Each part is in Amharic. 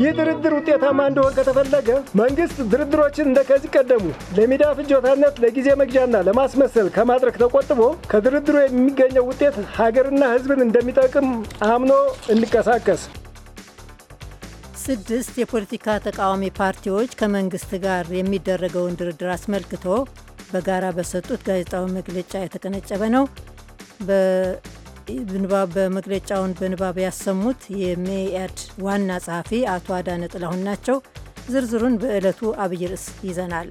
ይህ ድርድር ውጤታማ እንዲሆን ከተፈለገ መንግስት ድርድሮችን እንደከዚህ ቀደሙ ለሚዲያ ፍጆታነት ለጊዜ መግዣና ለማስመሰል ከማድረግ ተቆጥቦ ከድርድሩ የሚገኘው ውጤት ሀገርና ህዝብን እንደሚጠቅም አምኖ እንቀሳቀስ። ስድስት የፖለቲካ ተቃዋሚ ፓርቲዎች ከመንግስት ጋር የሚደረገውን ድርድር አስመልክቶ በጋራ በሰጡት ጋዜጣዊ መግለጫ የተቀነጨበ ነው። በንባብ በመግለጫውን በንባብ ያሰሙት የሜያድ ዋና ጸሐፊ አቶ አዳነ ጥላሁን ናቸው። ዝርዝሩን በዕለቱ አብይ ርዕስ ይዘናል።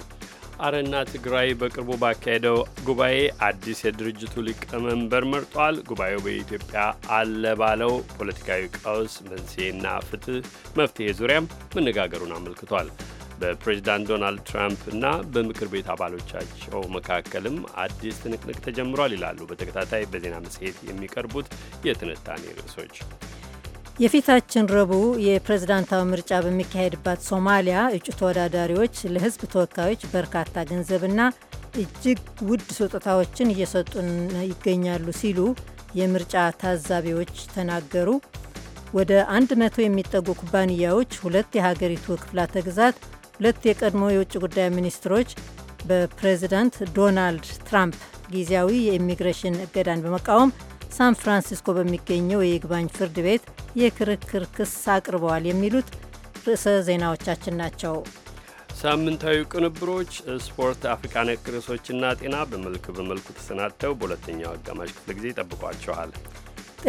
አረና ትግራይ በቅርቡ ባካሄደው ጉባኤ አዲስ የድርጅቱ ሊቀመንበር መርጧል። ጉባኤው በኢትዮጵያ አለ ባለው ፖለቲካዊ ቀውስ መንስኤና ፍትህ መፍትሄ ዙሪያም መነጋገሩን አመልክቷል። በፕሬዚዳንት ዶናልድ ትራምፕ እና በምክር ቤት አባሎቻቸው መካከልም አዲስ ትንቅንቅ ተጀምሯል ይላሉ በተከታታይ በዜና መጽሔት የሚቀርቡት የትንታኔ ርዕሶች። የፊታችን ረቡዕ የፕሬዝዳንታዊ ምርጫ በሚካሄድባት ሶማሊያ እጩ ተወዳዳሪዎች ለሕዝብ ተወካዮች በርካታ ገንዘብና እጅግ ውድ ስጦታዎችን እየሰጡ ይገኛሉ ሲሉ የምርጫ ታዛቢዎች ተናገሩ። ወደ አንድ መቶ የሚጠጉ ኩባንያዎች ሁለት የሀገሪቱ ክፍላተ ግዛት ሁለት የቀድሞ የውጭ ጉዳይ ሚኒስትሮች በፕሬዚዳንት ዶናልድ ትራምፕ ጊዜያዊ የኢሚግሬሽን እገዳን በመቃወም ሳን ፍራንሲስኮ በሚገኘው የይግባኝ ፍርድ ቤት የክርክር ክስ አቅርበዋል የሚሉት ርዕሰ ዜናዎቻችን ናቸው። ሳምንታዊ ቅንብሮች፣ ስፖርት፣ አፍሪካ ነክ ርዕሶችና ጤና በመልክ በመልኩ ተሰናድተው በሁለተኛው አጋማሽ ክፍለ ጊዜ ይጠብቋቸዋል።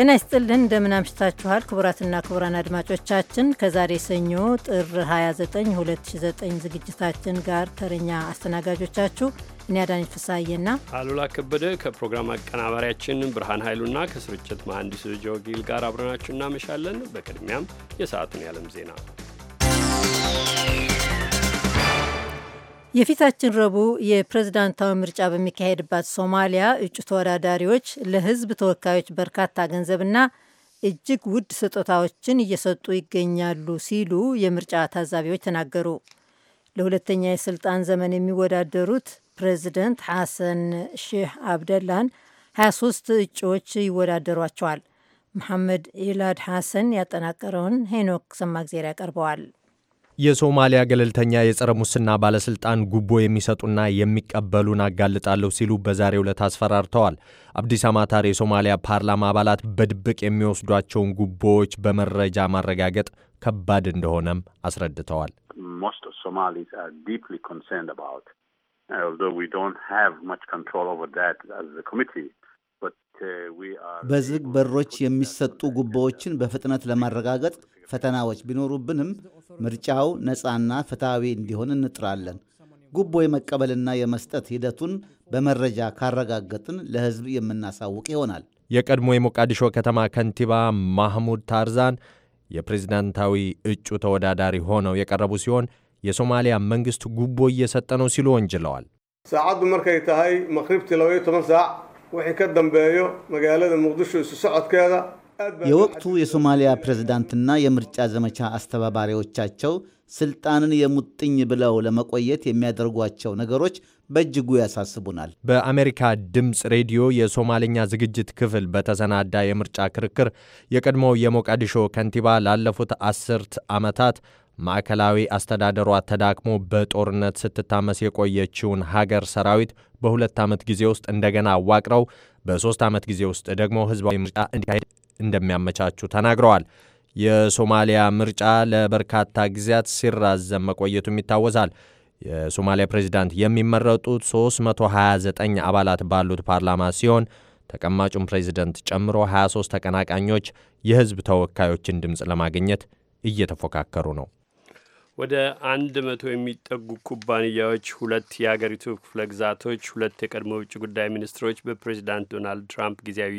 ጤና ይስጥልን እንደምን አምሽታችኋል ክቡራትና ክቡራን አድማጮቻችን ከዛሬ ሰኞ ጥር 29 2009 ዝግጅታችን ጋር ተረኛ አስተናጋጆቻችሁ እኔ አዳነች ፍስሐዬና አሉላ ከበደ ከፕሮግራም አቀናባሪያችን ብርሃን ኃይሉና ከስርጭት መሐንዲሱ ጆጊል ጋር አብረናችሁ እናመሻለን። በቅድሚያም የሰዓቱን የዓለም ዜና የፊታችን ረቡዕ የፕሬዝዳንታዊ ምርጫ በሚካሄድባት ሶማሊያ እጩ ተወዳዳሪዎች ለሕዝብ ተወካዮች በርካታ ገንዘብና እጅግ ውድ ስጦታዎችን እየሰጡ ይገኛሉ ሲሉ የምርጫ ታዛቢዎች ተናገሩ። ለሁለተኛ የስልጣን ዘመን የሚወዳደሩት ፕሬዚደንት ሐሰን ሼህ አብደላን 23 እጩዎች ይወዳደሯቸዋል። መሐመድ ኢላድ ሐሰን ያጠናቀረውን ሄኖክ ሰማግዜር ያቀርበዋል። የሶማሊያ ገለልተኛ የጸረ ሙስና ባለስልጣን ጉቦ የሚሰጡና የሚቀበሉን አጋልጣለሁ ሲሉ በዛሬው ዕለት አስፈራርተዋል። አብዲስ አማታር የሶማሊያ ፓርላማ አባላት በድብቅ የሚወስዷቸውን ጉቦዎች በመረጃ ማረጋገጥ ከባድ እንደሆነም አስረድተዋል። uh, በዝግ በሮች የሚሰጡ ጉቦዎችን በፍጥነት ለማረጋገጥ ፈተናዎች ቢኖሩብንም ምርጫው ነፃና ፍትሐዊ እንዲሆን እንጥራለን። ጉቦ የመቀበልና የመስጠት ሂደቱን በመረጃ ካረጋገጥን ለሕዝብ የምናሳውቅ ይሆናል። የቀድሞ የሞቃዲሾ ከተማ ከንቲባ ማህሙድ ታርዛን የፕሬዝዳንታዊ እጩ ተወዳዳሪ ሆነው የቀረቡ ሲሆን የሶማሊያ መንግስት ጉቦ እየሰጠ ነው ሲሉ ወንጅለዋል። ሰዓዱ መርከይ ታሃይ መክሪብቲ ለወይ ቶመን ሰዓ ወሒ ከደንበዮ መጋለደ ሙቅዲሾ እሱ የወቅቱ የሶማሊያ ፕሬዝዳንትና የምርጫ ዘመቻ አስተባባሪዎቻቸው ስልጣንን የሙጥኝ ብለው ለመቆየት የሚያደርጓቸው ነገሮች በእጅጉ ያሳስቡናል። በአሜሪካ ድምፅ ሬዲዮ የሶማሌኛ ዝግጅት ክፍል በተሰናዳ የምርጫ ክርክር የቀድሞው የሞቃዲሾ ከንቲባ ላለፉት አስርት ዓመታት ማዕከላዊ አስተዳደሯ ተዳክሞ በጦርነት ስትታመስ የቆየችውን ሀገር ሰራዊት በሁለት ዓመት ጊዜ ውስጥ እንደገና አዋቅረው በሦስት ዓመት ጊዜ ውስጥ ደግሞ ሕዝባዊ ምርጫ እንዲካሄድ እንደሚያመቻቹ ተናግረዋል። የሶማሊያ ምርጫ ለበርካታ ጊዜያት ሲራዘም መቆየቱም ይታወሳል። የሶማሊያ ፕሬዚዳንት የሚመረጡት 329 አባላት ባሉት ፓርላማ ሲሆን ተቀማጩን ፕሬዚደንት ጨምሮ 23 ተቀናቃኞች የሕዝብ ተወካዮችን ድምፅ ለማግኘት እየተፎካከሩ ነው። ወደ አንድ መቶ የሚጠጉ ኩባንያዎች፣ ሁለት የአገሪቱ ክፍለ ግዛቶች፣ ሁለት የቀድሞ ውጭ ጉዳይ ሚኒስትሮች በፕሬዚዳንት ዶናልድ ትራምፕ ጊዜያዊ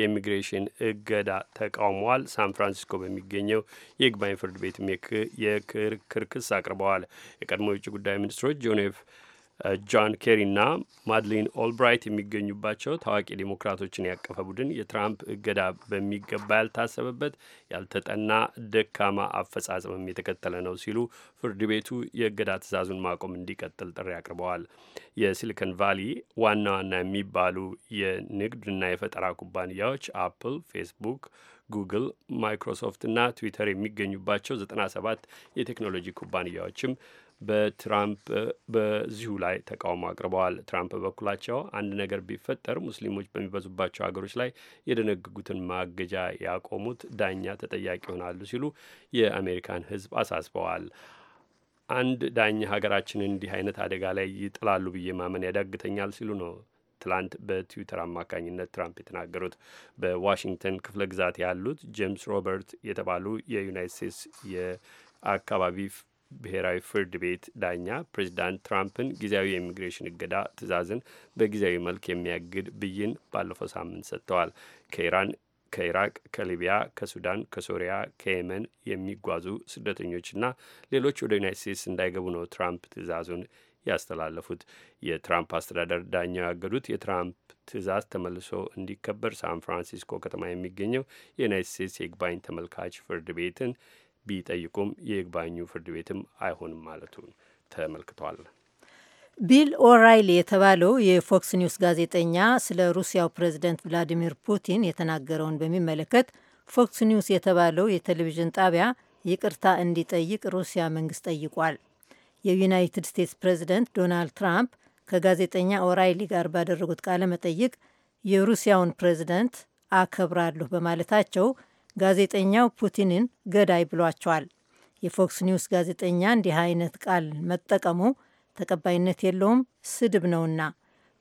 የኢሚግሬሽን እገዳ ተቃውመዋል። ሳን ፍራንሲስኮ በሚገኘው የይግባኝ ፍርድ ቤትም የክርክር ክስ አቅርበዋል። የቀድሞ የውጭ ጉዳይ ሚኒስትሮች ጆኔቭ ጆን ኬሪና ማድሊን ኦልብራይት የሚገኙባቸው ታዋቂ ዴሞክራቶችን ያቀፈ ቡድን የትራምፕ እገዳ በሚገባ ያልታሰበበት ያልተጠና ደካማ አፈጻጸምም የተከተለ ነው ሲሉ ፍርድ ቤቱ የእገዳ ትዕዛዙን ማቆም እንዲቀጥል ጥሪ አቅርበዋል። የሲሊኮን ቫሊ ዋና ዋና የሚባሉ የንግድና የፈጠራ ኩባንያዎች አፕል፣ ፌስቡክ ጉግል፣ ማይክሮሶፍት እና ትዊተር የሚገኙባቸው 97 የቴክኖሎጂ ኩባንያዎችም በትራምፕ በዚሁ ላይ ተቃውሞ አቅርበዋል። ትራምፕ በበኩላቸው አንድ ነገር ቢፈጠር ሙስሊሞች በሚበዙባቸው ሀገሮች ላይ የደነግጉትን ማገጃ ያቆሙት ዳኛ ተጠያቂ ይሆናሉ ሲሉ የአሜሪካን ሕዝብ አሳስበዋል። አንድ ዳኛ ሀገራችን እንዲህ አይነት አደጋ ላይ ይጥላሉ ብዬ ማመን ያዳግተኛል ሲሉ ነው ትላንት በትዊተር አማካኝነት ትራምፕ የተናገሩት በዋሽንግተን ክፍለ ግዛት ያሉት ጄምስ ሮበርት የተባሉ የዩናይት ስቴትስ የአካባቢ ብሔራዊ ፍርድ ቤት ዳኛ ፕሬዚዳንት ትራምፕን ጊዜያዊ የኢሚግሬሽን እገዳ ትዕዛዝን በጊዜያዊ መልክ የሚያግድ ብይን ባለፈው ሳምንት ሰጥተዋል። ከኢራን ከኢራቅ፣ ከሊቢያ፣ ከሱዳን፣ ከሶሪያ፣ ከየመን የሚጓዙ ስደተኞችና ሌሎች ወደ ዩናይት ስቴትስ እንዳይገቡ ነው ትራምፕ ትዕዛዙን ያስተላለፉት። የትራምፕ አስተዳደር ዳኛው ያገዱት የትራምፕ ትዕዛዝ ተመልሶ እንዲከበር ሳን ፍራንሲስኮ ከተማ የሚገኘው የዩናይት ስቴትስ የይግባኝ ተመልካች ፍርድ ቤትን ቢጠይቁም የይግባኙ ፍርድ ቤትም አይሆንም ማለቱን ተመልክቷል። ቢል ኦራይሊ የተባለው የፎክስ ኒውስ ጋዜጠኛ ስለ ሩሲያው ፕሬዚደንት ቭላዲሚር ፑቲን የተናገረውን በሚመለከት ፎክስ ኒውስ የተባለው የቴሌቪዥን ጣቢያ ይቅርታ እንዲጠይቅ ሩሲያ መንግስት ጠይቋል። የዩናይትድ ስቴትስ ፕሬዚደንት ዶናልድ ትራምፕ ከጋዜጠኛ ኦራይሊ ጋር ባደረጉት ቃለ መጠይቅ የሩሲያውን ፕሬዚደንት አከብራለሁ በማለታቸው ጋዜጠኛው ፑቲንን ገዳይ ብሏቸዋል። የፎክስ ኒውስ ጋዜጠኛ እንዲህ አይነት ቃል መጠቀሙ ተቀባይነት የለውም፣ ስድብ ነውና።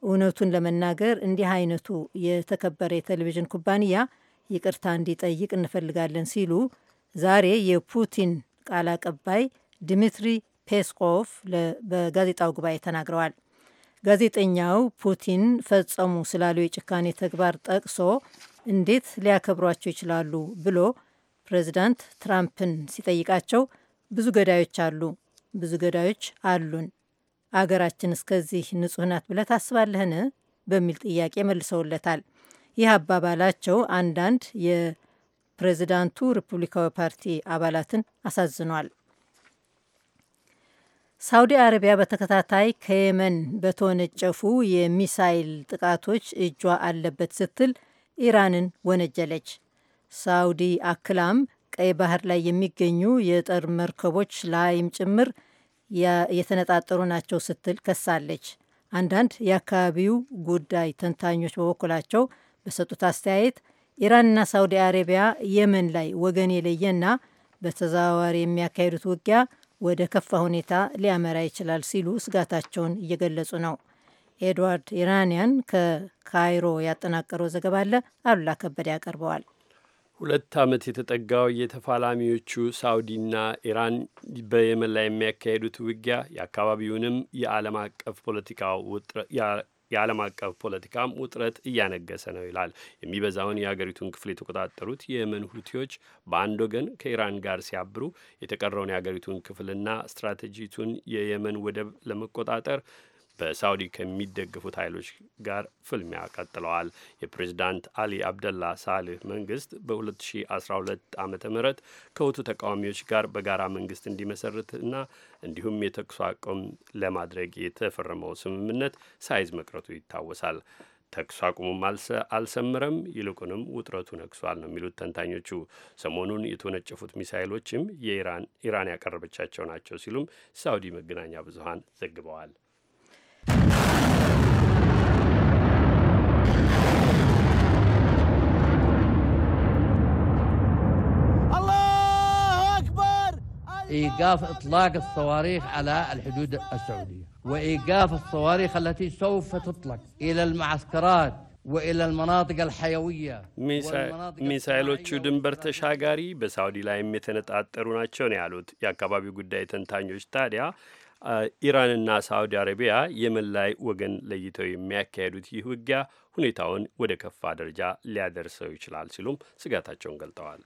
እውነቱን ለመናገር እንዲህ አይነቱ የተከበረ የቴሌቪዥን ኩባንያ ይቅርታ እንዲጠይቅ እንፈልጋለን ሲሉ ዛሬ የፑቲን ቃል አቀባይ ድሚትሪ ፔስኮቭ በጋዜጣው ጉባኤ ተናግረዋል። ጋዜጠኛው ፑቲን ፈጸሙ ስላሉ የጭካኔ ተግባር ጠቅሶ እንዴት ሊያከብሯቸው ይችላሉ ብሎ ፕሬዚዳንት ትራምፕን ሲጠይቃቸው ብዙ ገዳዮች አሉ፣ ብዙ ገዳዮች አሉን፣ አገራችን እስከዚህ ንጹህ ናት ብለህ ታስባለህን? በሚል ጥያቄ መልሰውለታል። ይህ አባባላቸው አንዳንድ የፕሬዚዳንቱ ሪፑብሊካዊ ፓርቲ አባላትን አሳዝኗል። ሳውዲ አረቢያ በተከታታይ ከየመን በተወነጨፉ የሚሳይል ጥቃቶች እጇ አለበት ስትል ኢራንን ወነጀለች። ሳውዲ አክላም ቀይ ባህር ላይ የሚገኙ የጦር መርከቦች ላይም ጭምር የተነጣጠሩ ናቸው ስትል ከሳለች። አንዳንድ የአካባቢው ጉዳይ ተንታኞች በበኩላቸው በሰጡት አስተያየት ኢራንና ሳውዲ አረቢያ የመን ላይ ወገን የለየና በተዘዋዋሪ የሚያካሂዱት ውጊያ ወደ ከፋ ሁኔታ ሊያመራ ይችላል ሲሉ ስጋታቸውን እየገለጹ ነው። ኤድዋርድ ኢራንያን ከካይሮ ያጠናቀረው ዘገባ አለ አሉላ ከበደ ያቀርበዋል። ሁለት ዓመት የተጠጋው የተፋላሚዎቹ ሳውዲና ኢራን በየመን ላይ የሚያካሄዱት ውጊያ የአካባቢውንም የዓለም አቀፍ ፖለቲካ የዓለም አቀፍ ፖለቲካም ውጥረት እያነገሰ ነው ይላል። የሚበዛውን የአገሪቱን ክፍል የተቆጣጠሩት የየመን ሁቲዎች በአንድ ወገን ከኢራን ጋር ሲያብሩ፣ የተቀረውን የአገሪቱን ክፍልና ስትራቴጂቱን የየመን ወደብ ለመቆጣጠር በሳውዲ ከሚደግፉት ኃይሎች ጋር ፍልሚያ ቀጥለዋል። የፕሬዚዳንት አሊ አብደላ ሳልህ መንግስት በ2012 ዓ ም ከውቱ ተቃዋሚዎች ጋር በጋራ መንግስት እንዲመሰርትና እንዲሁም የተኩስ አቁም ለማድረግ የተፈረመው ስምምነት ሳይዝ መቅረቱ ይታወሳል። ተኩስ አቁሙም አልሰምረም፣ ይልቁንም ውጥረቱ ነግሷል ነው የሚሉት ተንታኞቹ። ሰሞኑን የተወነጨፉት ሚሳይሎችም የኢራን ኢራን ያቀረበቻቸው ናቸው ሲሉም ሳውዲ መገናኛ ብዙሀን ዘግበዋል። إيقاف إطلاق الصواريخ على الحدود السعودية وإيقاف الصواريخ التي سوف تطلق إلى المعسكرات وإلى المناطق الحيوية ሚሳኤሎቹ ድንበር ተሻጋሪ በሳዑዲ ላይም የተነጣጠሩ ናቸው ነው ያሉት የአካባቢው ጉዳይ ተንታኞች ታዲያ ኢራንና ሳዑዲ አረቢያ የመን ላይ ወገን ለይተው የሚያካሄዱት ይህ ውጊያ ሁኔታውን ወደ ከፋ ደረጃ ሊያደርሰው ይችላል ሲሉም ስጋታቸውን ገልጠዋል።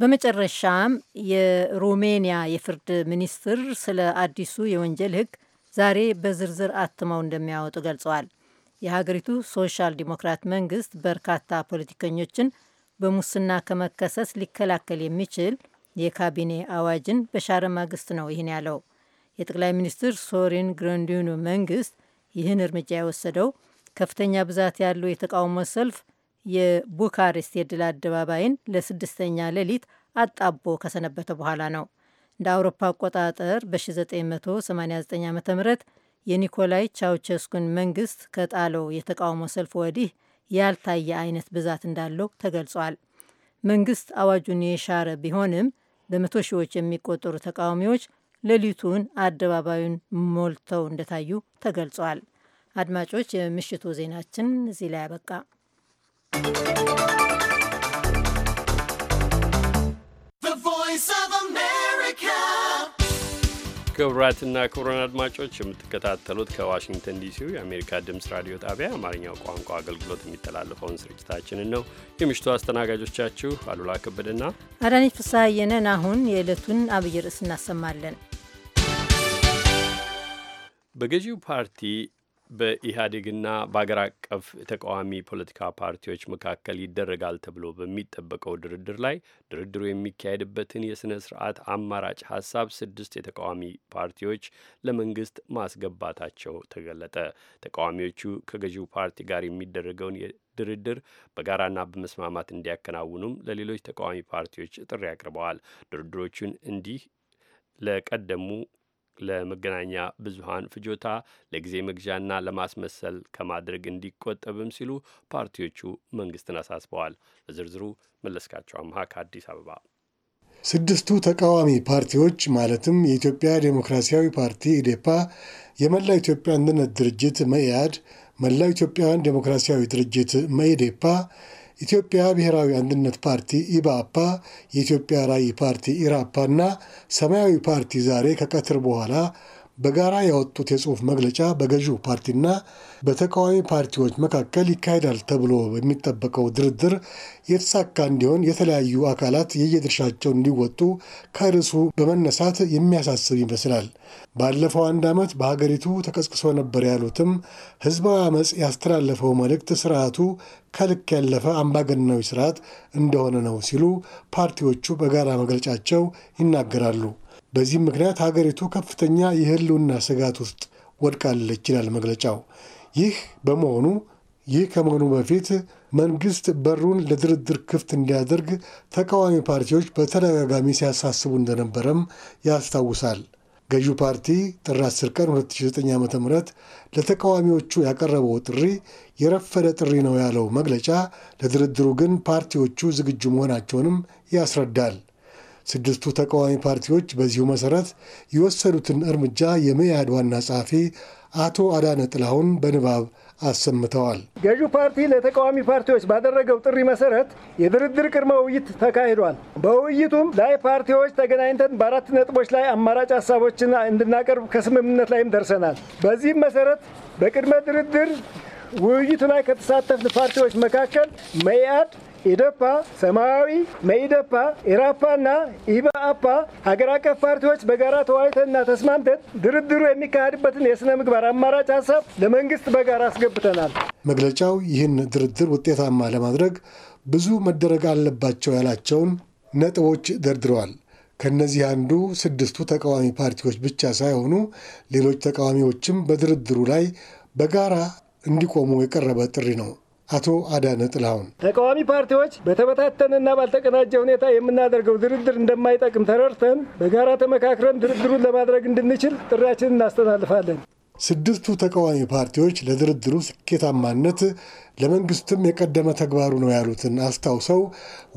በመጨረሻም የሩሜንያ የፍርድ ሚኒስትር ስለ አዲሱ የወንጀል ሕግ ዛሬ በዝርዝር አትመው እንደሚያወጡ ገልጸዋል። የሀገሪቱ ሶሻል ዲሞክራት መንግስት በርካታ ፖለቲከኞችን በሙስና ከመከሰስ ሊከላከል የሚችል የካቢኔ አዋጅን በሻረ ማግስት ነው ይህን ያለው። የጠቅላይ ሚኒስትር ሶሪን ግረንዲኑ መንግስት ይህን እርምጃ የወሰደው ከፍተኛ ብዛት ያለው የተቃውሞ ሰልፍ የቡካሬስት የድል አደባባይን ለስድስተኛ ሌሊት አጣቦ ከሰነበተ በኋላ ነው። እንደ አውሮፓ አቆጣጠር በ1989 ዓ ም የኒኮላይ ቻውቸስኩን መንግስት ከጣለው የተቃውሞ ሰልፍ ወዲህ ያልታየ አይነት ብዛት እንዳለው ተገልጿል። መንግስት አዋጁን የሻረ ቢሆንም በመቶ ሺዎች የሚቆጠሩ ተቃዋሚዎች ሌሊቱን አደባባዩን ሞልተው እንደታዩ ተገልጿል። አድማጮች፣ የምሽቱ ዜናችን እዚህ ላይ አበቃ። ክቡራትና ክቡራን አድማጮች የምትከታተሉት ከዋሽንግተን ዲሲው የአሜሪካ ድምፅ ራዲዮ ጣቢያ አማርኛው ቋንቋ አገልግሎት የሚተላለፈውን ስርጭታችንን ነው። የምሽቱ አስተናጋጆቻችሁ አሉላ ከበደና አዳነች ፍስሐየነን። አሁን የዕለቱን አብይ ርዕስ እናሰማለን። በገዢው ፓርቲ በኢህአዴግና በአገር አቀፍ ተቃዋሚ ፖለቲካ ፓርቲዎች መካከል ይደረጋል ተብሎ በሚጠበቀው ድርድር ላይ ድርድሩ የሚካሄድበትን የሥነ ስርዓት አማራጭ ሀሳብ ስድስት የተቃዋሚ ፓርቲዎች ለመንግስት ማስገባታቸው ተገለጠ። ተቃዋሚዎቹ ከገዢው ፓርቲ ጋር የሚደረገውን ድርድር በጋራና በመስማማት እንዲያከናውኑም ለሌሎች ተቃዋሚ ፓርቲዎች ጥሪ አቅርበዋል። ድርድሮቹን እንዲህ ለቀደሙ ለመገናኛ ብዙሃን ፍጆታ ለጊዜ መግዣና ለማስመሰል ከማድረግ እንዲቆጠብም ሲሉ ፓርቲዎቹ መንግስትን አሳስበዋል። ለዝርዝሩ መለስካቸው አምሃ ከአዲስ አበባ። ስድስቱ ተቃዋሚ ፓርቲዎች ማለትም የኢትዮጵያ ዴሞክራሲያዊ ፓርቲ ኢዴፓ፣ የመላ ኢትዮጵያ አንድነት ድርጅት መኢአድ፣ መላው ኢትዮጵያውያን ዴሞክራሲያዊ ድርጅት መኢዴፓ ኢትዮጵያ ብሔራዊ አንድነት ፓርቲ ኢባፓ፣ የኢትዮጵያ ራዕይ ፓርቲ ኢራፓ እና ሰማያዊ ፓርቲ ዛሬ ከቀትር በኋላ በጋራ ያወጡት የጽሑፍ መግለጫ በገዢው ፓርቲና በተቃዋሚ ፓርቲዎች መካከል ይካሄዳል ተብሎ በሚጠበቀው ድርድር የተሳካ እንዲሆን የተለያዩ አካላት የየድርሻቸውን እንዲወጡ ከርዕሱ በመነሳት የሚያሳስብ ይመስላል። ባለፈው አንድ ዓመት በሀገሪቱ ተቀስቅሶ ነበር ያሉትም ህዝባዊ አመፅ ያስተላለፈው መልእክት ስርዓቱ ከልክ ያለፈ አምባገነናዊ ስርዓት እንደሆነ ነው ሲሉ ፓርቲዎቹ በጋራ መግለጫቸው ይናገራሉ። በዚህም ምክንያት ሀገሪቱ ከፍተኛ የህልውና ስጋት ውስጥ ወድቃለች ይላል መግለጫው። ይህ በመሆኑ ይህ ከመሆኑ በፊት መንግስት በሩን ለድርድር ክፍት እንዲያደርግ ተቃዋሚ ፓርቲዎች በተደጋጋሚ ሲያሳስቡ እንደነበረም ያስታውሳል። ገዢው ፓርቲ ጥር 10 ቀን 2009 ዓ ም ለተቃዋሚዎቹ ያቀረበው ጥሪ የረፈደ ጥሪ ነው ያለው መግለጫ፣ ለድርድሩ ግን ፓርቲዎቹ ዝግጁ መሆናቸውንም ያስረዳል። ስድስቱ ተቃዋሚ ፓርቲዎች በዚሁ መሠረት የወሰዱትን እርምጃ የመያድ ዋና ጸሐፊ አቶ አዳነ ጥላሁን በንባብ አሰምተዋል። ገዢው ፓርቲ ለተቃዋሚ ፓርቲዎች ባደረገው ጥሪ መሰረት የድርድር ቅድመ ውይይት ተካሂዷል። በውይይቱም ላይ ፓርቲዎች ተገናኝተን በአራት ነጥቦች ላይ አማራጭ ሀሳቦችን እንድናቀርብ ከስምምነት ላይም ደርሰናል። በዚህም መሰረት በቅድመ ድርድር ውይይቱ ላይ ከተሳተፉ ፓርቲዎች መካከል መኢአድ ኢዴፓ፣ ሰማያዊ፣ መኢዴፓ፣ ኢራፓና ኢባአፓ ሀገር አቀፍ ፓርቲዎች በጋራ ተወያይተንና ተስማምተን ድርድሩ የሚካሄድበትን የስነ ምግባር አማራጭ ሀሳብ ለመንግስት በጋራ አስገብተናል። መግለጫው ይህን ድርድር ውጤታማ ለማድረግ ብዙ መደረግ አለባቸው ያላቸውን ነጥቦች ደርድረዋል። ከእነዚህ አንዱ ስድስቱ ተቃዋሚ ፓርቲዎች ብቻ ሳይሆኑ ሌሎች ተቃዋሚዎችም በድርድሩ ላይ በጋራ እንዲቆሙ የቀረበ ጥሪ ነው። አቶ አዳነ ጥላሁን ተቃዋሚ ፓርቲዎች በተበታተነና ባልተቀናጀ ሁኔታ የምናደርገው ድርድር እንደማይጠቅም ተረድተን በጋራ ተመካክረን ድርድሩን ለማድረግ እንድንችል ጥሪያችንን እናስተላልፋለን። ስድስቱ ተቃዋሚ ፓርቲዎች ለድርድሩ ስኬታማነት ለመንግስትም የቀደመ ተግባሩ ነው ያሉትን አስታውሰው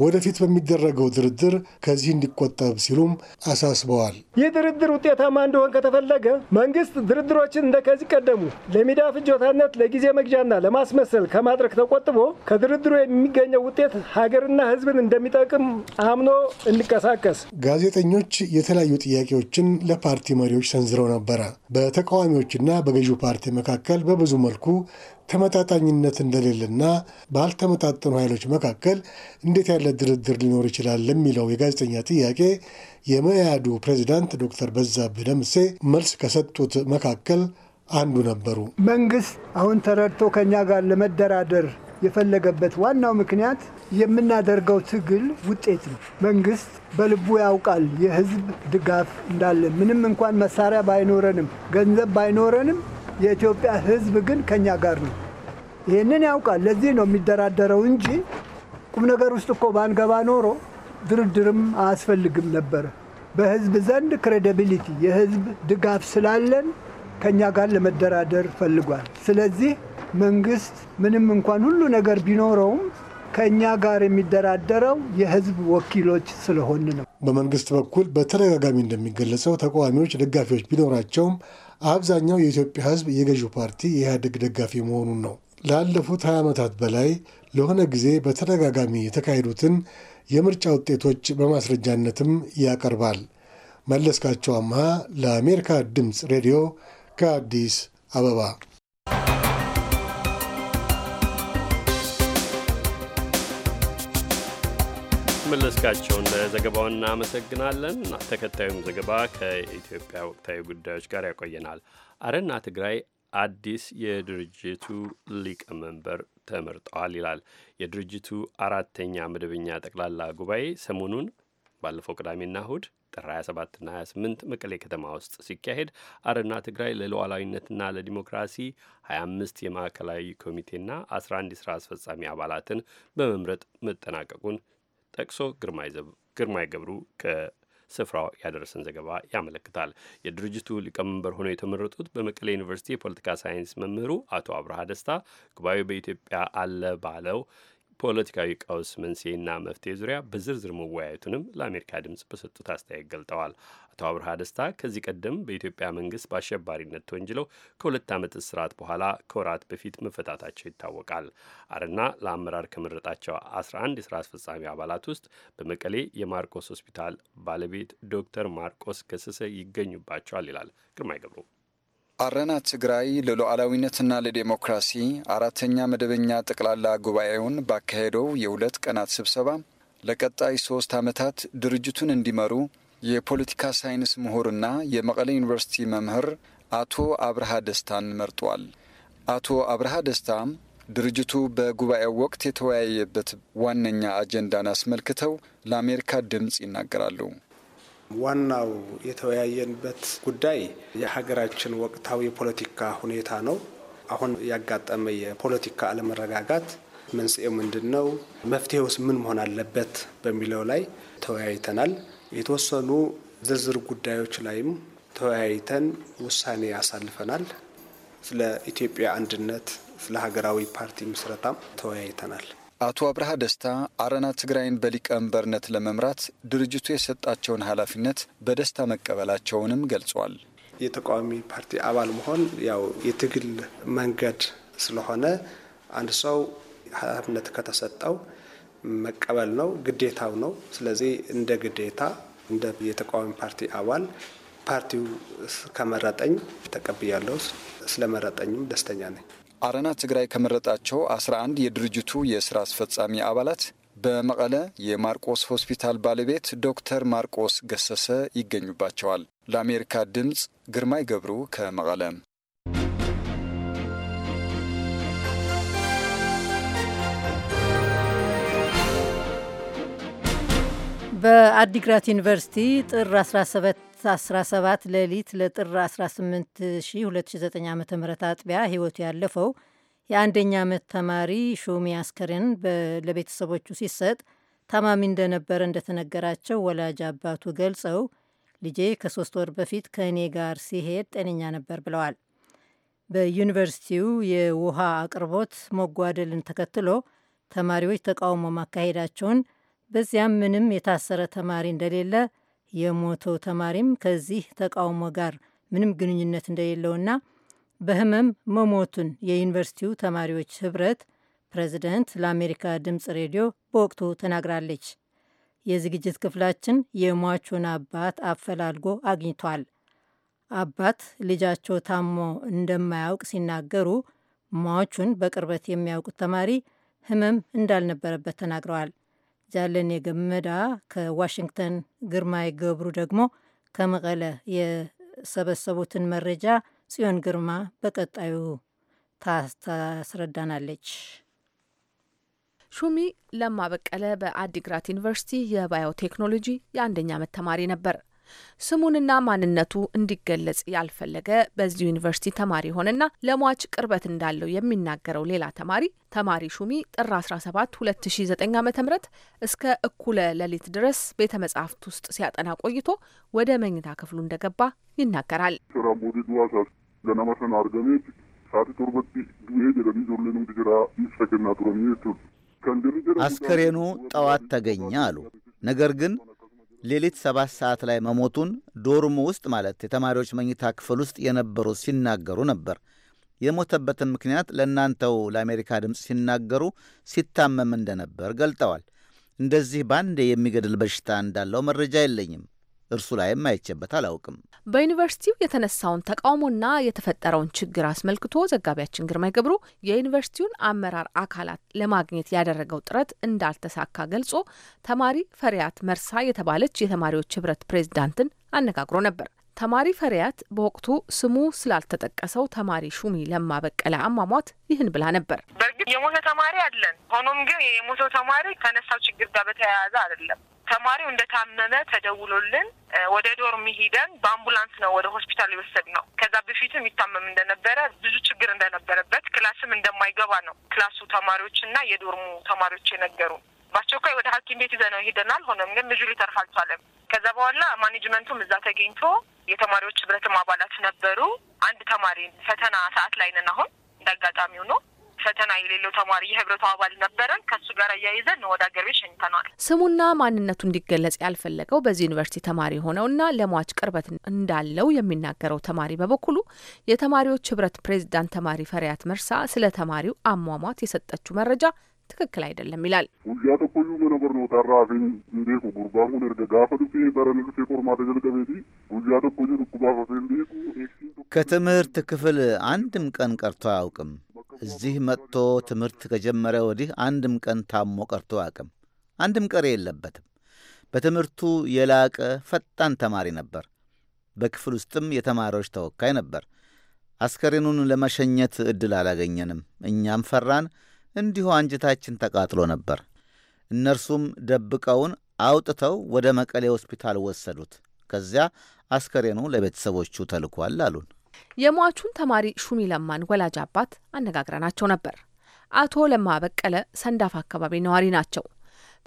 ወደፊት በሚደረገው ድርድር ከዚህ እንዲቆጠብ ሲሉም አሳስበዋል። ይህ ድርድር ውጤታማ እንዲሆን ከተፈለገ መንግስት ድርድሮችን እንደ ከዚህ ቀደሙ ለሚዲያ ፍጆታነት፣ ለጊዜ መግዣና ለማስመሰል ከማድረግ ተቆጥቦ ከድርድሩ የሚገኘው ውጤት ሀገርና ሕዝብን እንደሚጠቅም አምኖ እንዲቀሳቀስ። ጋዜጠኞች የተለያዩ ጥያቄዎችን ለፓርቲ መሪዎች ሰንዝረው ነበረ። በተቃዋሚዎችና በገዢው ፓርቲ መካከል በብዙ መልኩ ተመጣጣኝነት እንደሌለና ባልተመጣጠኑ ኃይሎች መካከል እንዴት ያለ ድርድር ሊኖር ይችላል ለሚለው የጋዜጠኛ ጥያቄ የመያዱ ፕሬዚዳንት ዶክተር በዛብህ ደምሴ መልስ ከሰጡት መካከል አንዱ ነበሩ። መንግስት አሁን ተረድቶ ከእኛ ጋር ለመደራደር የፈለገበት ዋናው ምክንያት የምናደርገው ትግል ውጤት ነው። መንግስት በልቡ ያውቃል የህዝብ ድጋፍ እንዳለ። ምንም እንኳን መሳሪያ ባይኖረንም ገንዘብ ባይኖረንም የኢትዮጵያ ህዝብ ግን ከኛ ጋር ነው። ይህንን ያውቃል። ለዚህ ነው የሚደራደረው እንጂ ቁም ነገር ውስጥ እኮ ባንገባ ኖሮ ድርድርም አያስፈልግም ነበረ። በህዝብ ዘንድ ክሬዲቢሊቲ የህዝብ ድጋፍ ስላለን ከእኛ ጋር ለመደራደር ፈልጓል። ስለዚህ መንግስት ምንም እንኳን ሁሉ ነገር ቢኖረውም ከእኛ ጋር የሚደራደረው የህዝብ ወኪሎች ስለሆን ነው። በመንግስት በኩል በተደጋጋሚ እንደሚገለጸው ተቃዋሚዎች ደጋፊዎች ቢኖራቸውም አብዛኛው የኢትዮጵያ ሕዝብ የገዢው ፓርቲ የኢህአዴግ ደጋፊ መሆኑን ነው። ላለፉት 20 ዓመታት በላይ ለሆነ ጊዜ በተደጋጋሚ የተካሄዱትን የምርጫ ውጤቶች በማስረጃነትም ያቀርባል። መለስካቸው አምሃ ለአሜሪካ ድምፅ ሬዲዮ ከአዲስ አበባ መለስካቸውን ለዘገባው እናመሰግናለን። ተከታዩም ዘገባ ከኢትዮጵያ ወቅታዊ ጉዳዮች ጋር ያቆየናል። አረና ትግራይ አዲስ የድርጅቱ ሊቀመንበር ተመርጠዋል ይላል። የድርጅቱ አራተኛ መደበኛ ጠቅላላ ጉባኤ ሰሞኑን ባለፈው ቅዳሜና እሁድ ጥር 27 እና 28 መቀሌ ከተማ ውስጥ ሲካሄድ አረና ትግራይ ለሉዓላዊነትና ለዲሞክራሲ 25 የማዕከላዊ ኮሚቴና 11 የስራ አስፈጻሚ አባላትን በመምረጥ መጠናቀቁን ጠቅሶ ግርማይ ገብሩ ከስፍራው ያደረሰን ዘገባ ያመለክታል። የድርጅቱ ሊቀመንበር ሆነው የተመረጡት በመቀሌ ዩኒቨርሲቲ የፖለቲካ ሳይንስ መምህሩ አቶ አብርሃ ደስታ ጉባኤው በኢትዮጵያ አለ ባለው ፖለቲካዊ ቀውስ መንስኤና መፍትሄ ዙሪያ በዝርዝር መወያየቱንም ለአሜሪካ ድምፅ በሰጡት አስተያየት ገልጠዋል። አቶ አብርሃ ደስታ ከዚህ ቀደም በኢትዮጵያ መንግስት በአሸባሪነት ተወንጅለው ከሁለት ዓመት እስራት በኋላ ከወራት በፊት መፈታታቸው ይታወቃል። አረና ለአመራር ከመረጣቸው 11 የስራ አስፈጻሚ አባላት ውስጥ በመቀሌ የማርቆስ ሆስፒታል ባለቤት ዶክተር ማርቆስ ገሰሰ ይገኙባቸዋል ይላል ግርማይ ገብሩ። አረና ትግራይ ለሉዓላዊነትና ለዴሞክራሲ አራተኛ መደበኛ ጠቅላላ ጉባኤውን ባካሄደው የሁለት ቀናት ስብሰባ ለቀጣይ ሶስት ዓመታት ድርጅቱን እንዲመሩ የፖለቲካ ሳይንስ ምሁርና የመቀለ ዩኒቨርሲቲ መምህር አቶ አብርሃ ደስታን መርጧል። አቶ አብርሃ ደስታ ድርጅቱ በጉባኤው ወቅት የተወያየበት ዋነኛ አጀንዳን አስመልክተው ለአሜሪካ ድምፅ ይናገራሉ። ዋናው የተወያየንበት ጉዳይ የሀገራችን ወቅታዊ የፖለቲካ ሁኔታ ነው። አሁን ያጋጠመ የፖለቲካ አለመረጋጋት መንስኤው ምንድን ነው? መፍትሄውስ ምን መሆን አለበት? በሚለው ላይ ተወያይተናል። የተወሰኑ ዝርዝር ጉዳዮች ላይም ተወያይተን ውሳኔ ያሳልፈናል። ስለ ኢትዮጵያ አንድነት፣ ስለ ሀገራዊ ፓርቲ ምስረታም ተወያይተናል። አቶ አብርሃ ደስታ አረና ትግራይን በሊቀመንበርነት ለመምራት ድርጅቱ የሰጣቸውን ኃላፊነት በደስታ መቀበላቸውንም ገልጿል። የተቃዋሚ ፓርቲ አባል መሆን ያው የትግል መንገድ ስለሆነ አንድ ሰው ኃላፊነት ከተሰጠው መቀበል ነው፣ ግዴታው ነው። ስለዚህ እንደ ግዴታ እንደ የተቃዋሚ ፓርቲ አባል ፓርቲው ከመረጠኝ ተቀብያለሁ። ስለመረጠኝም ደስተኛ ነኝ። አረና ትግራይ ከመረጣቸው 11 የድርጅቱ የስራ አስፈጻሚ አባላት በመቀለ የማርቆስ ሆስፒታል ባለቤት ዶክተር ማርቆስ ገሰሰ ይገኙባቸዋል። ለአሜሪካ ድምፅ ግርማይ ገብሩ ከመቀለ። በአዲግራት ዩኒቨርሲቲ ጥር 17 17 ሌሊት ለጥር 18 2009 ዓ ም አጥቢያ ህይወቱ ያለፈው የአንደኛ ዓመት ተማሪ ሹሚ አስከሬን ለቤተሰቦቹ ሲሰጥ ታማሚ እንደነበረ እንደተነገራቸው ወላጅ አባቱ ገልጸው ልጄ ከሶስት ወር በፊት ከእኔ ጋር ሲሄድ ጤነኛ ነበር ብለዋል። በዩኒቨርሲቲው የውሃ አቅርቦት መጓደልን ተከትሎ ተማሪዎች ተቃውሞ ማካሄዳቸውን በዚያም ምንም የታሰረ ተማሪ እንደሌለ የሞተው ተማሪም ከዚህ ተቃውሞ ጋር ምንም ግንኙነት እንደሌለውና በህመም መሞቱን የዩኒቨርሲቲው ተማሪዎች ህብረት ፕሬዚደንት ለአሜሪካ ድምፅ ሬዲዮ በወቅቱ ተናግራለች። የዝግጅት ክፍላችን የሟቹን አባት አፈላልጎ አግኝቷል። አባት ልጃቸው ታሞ እንደማያውቅ ሲናገሩ ሟቹን በቅርበት የሚያውቁት ተማሪ ህመም እንዳልነበረበት ተናግረዋል። ጃለኔ ገመዳ ከዋሽንግተን፣ ግርማይ ገብሩ ደግሞ ከመቀለ የሰበሰቡትን መረጃ ጽዮን ግርማ በቀጣዩ ታስረዳናለች። ሹሚ ለማ በቀለ በአዲግራት ዩኒቨርሲቲ የባዮቴክኖሎጂ የአንደኛ ዓመት ተማሪ ነበር። ስሙንና ማንነቱ እንዲገለጽ ያልፈለገ በዚህ ዩኒቨርሲቲ ተማሪ ሆነና ለሟች ቅርበት እንዳለው የሚናገረው ሌላ ተማሪ ተማሪ ሹሚ ጥር 17 2009 ዓ ም እስከ እኩለ ሌሊት ድረስ ቤተ መጻሕፍት ውስጥ ሲያጠና ቆይቶ ወደ መኝታ ክፍሉ እንደገባ ይናገራል። አስከሬኑ ጠዋት ተገኘ አሉ። ነገር ግን ሌሊት ሰባት ሰዓት ላይ መሞቱን ዶርሙ ውስጥ ማለት የተማሪዎች መኝታ ክፍል ውስጥ የነበሩ ሲናገሩ ነበር። የሞተበትን ምክንያት ለእናንተው ለአሜሪካ ድምፅ ሲናገሩ ሲታመም እንደነበር ገልጠዋል። እንደዚህ በአንዴ የሚገድል በሽታ እንዳለው መረጃ የለኝም። እርሱ ላይም አይቼበት አላውቅም። በዩኒቨርሲቲው የተነሳውን ተቃውሞና የተፈጠረውን ችግር አስመልክቶ ዘጋቢያችን ግርማይ ገብሩ የዩኒቨርሲቲውን አመራር አካላት ለማግኘት ያደረገው ጥረት እንዳልተሳካ ገልጾ ተማሪ ፈሪያት መርሳ የተባለች የተማሪዎች ህብረት ፕሬዚዳንትን አነጋግሮ ነበር። ተማሪ ፈሪያት በወቅቱ ስሙ ስላልተጠቀሰው ተማሪ ሹሚ ለማ በቀለ አሟሟት ይህን ብላ ነበር። በእርግጥ የሞተ ተማሪ አለን። ሆኖም ግን የሞተው ተማሪ ከነሳው ችግር ጋር በተያያዘ አይደለም ተማሪው እንደታመመ ተደውሎልን ወደ ዶርም ሄደን በአምቡላንስ ነው ወደ ሆስፒታል የወሰድ ነው። ከዛ በፊትም ይታመም እንደነበረ ብዙ ችግር እንደነበረበት ክላስም እንደማይገባ ነው ክላሱ ተማሪዎች እና የዶርሙ ተማሪዎች የነገሩ። በአስቸኳይ ወደ ሐኪም ቤት ይዘነው ሄደናል። ሆኖም ግን ልጁ ሊተርፍ አልቻለም። ከዛ በኋላ ማኔጅመንቱም እዛ ተገኝቶ የተማሪዎች ህብረትም አባላት ነበሩ። አንድ ተማሪ ፈተና ሰዓት ላይ ነን አሁን እንዳጋጣሚው ነው ፈተና የሌለው ተማሪ የህብረቱ አባል ነበረን። ከሱ ጋር እያይዘን ወደ ሀገር ቤት ሸኝተነዋል። ስሙና ማንነቱ እንዲገለጽ ያልፈለገው በዚህ ዩኒቨርሲቲ ተማሪ ሆነውና ለሟች ቅርበት እንዳለው የሚናገረው ተማሪ በበኩሉ የተማሪዎች ህብረት ፕሬዚዳንት ተማሪ ፈሪያት መርሳ ስለ ተማሪው አሟሟት የሰጠችው መረጃ ትክክል አይደለም ይላል። ጉያ ከትምህርት ክፍል አንድም ቀን ቀርቶ አያውቅም። እዚህ መጥቶ ትምህርት ከጀመረ ወዲህ አንድም ቀን ታሞ ቀርቶ አያውቅም። አንድም ቀሬ የለበትም። በትምህርቱ የላቀ ፈጣን ተማሪ ነበር። በክፍል ውስጥም የተማሪዎች ተወካይ ነበር። አስከሬኑን ለመሸኘት ዕድል አላገኘንም። እኛም ፈራን፣ እንዲሁ አንጀታችን ተቃጥሎ ነበር። እነርሱም ደብቀውን አውጥተው ወደ መቀሌ ሆስፒታል ወሰዱት። ከዚያ አስከሬኑ ለቤተሰቦቹ ተልኳል አሉን። የሟቹን ተማሪ ሹሚ ለማን ወላጅ አባት አነጋግረናቸው ነበር። አቶ ለማ በቀለ ሰንዳፋ አካባቢ ነዋሪ ናቸው።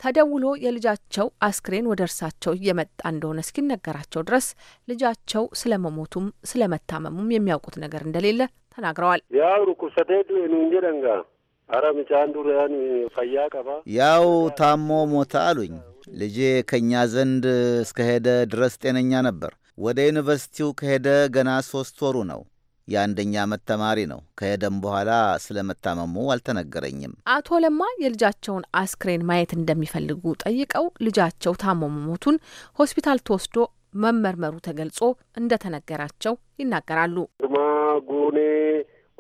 ተደውሎ የልጃቸው አስክሬን ወደ እርሳቸው እየመጣ እንደሆነ እስኪነገራቸው ድረስ ልጃቸው ስለመሞቱም ስለመታመሙም የሚያውቁት ነገር እንደሌለ ተናግረዋል። ያው ታሞ ሞታ አሉኝ። ልጄ ከእኛ ዘንድ እስከሄደ ድረስ ጤነኛ ነበር። ወደ ዩኒቨርሲቲው ከሄደ ገና ሦስት ወሩ ነው። የአንደኛ ዓመት ተማሪ ነው። ከሄደም በኋላ ስለ መታመሙ አልተነገረኝም። አቶ ለማ የልጃቸውን አስክሬን ማየት እንደሚፈልጉ ጠይቀው ልጃቸው ታሞ መሞቱን ሆስፒታል ተወስዶ መመርመሩ ተገልጾ እንደተነገራቸው ይናገራሉ። ጉኔ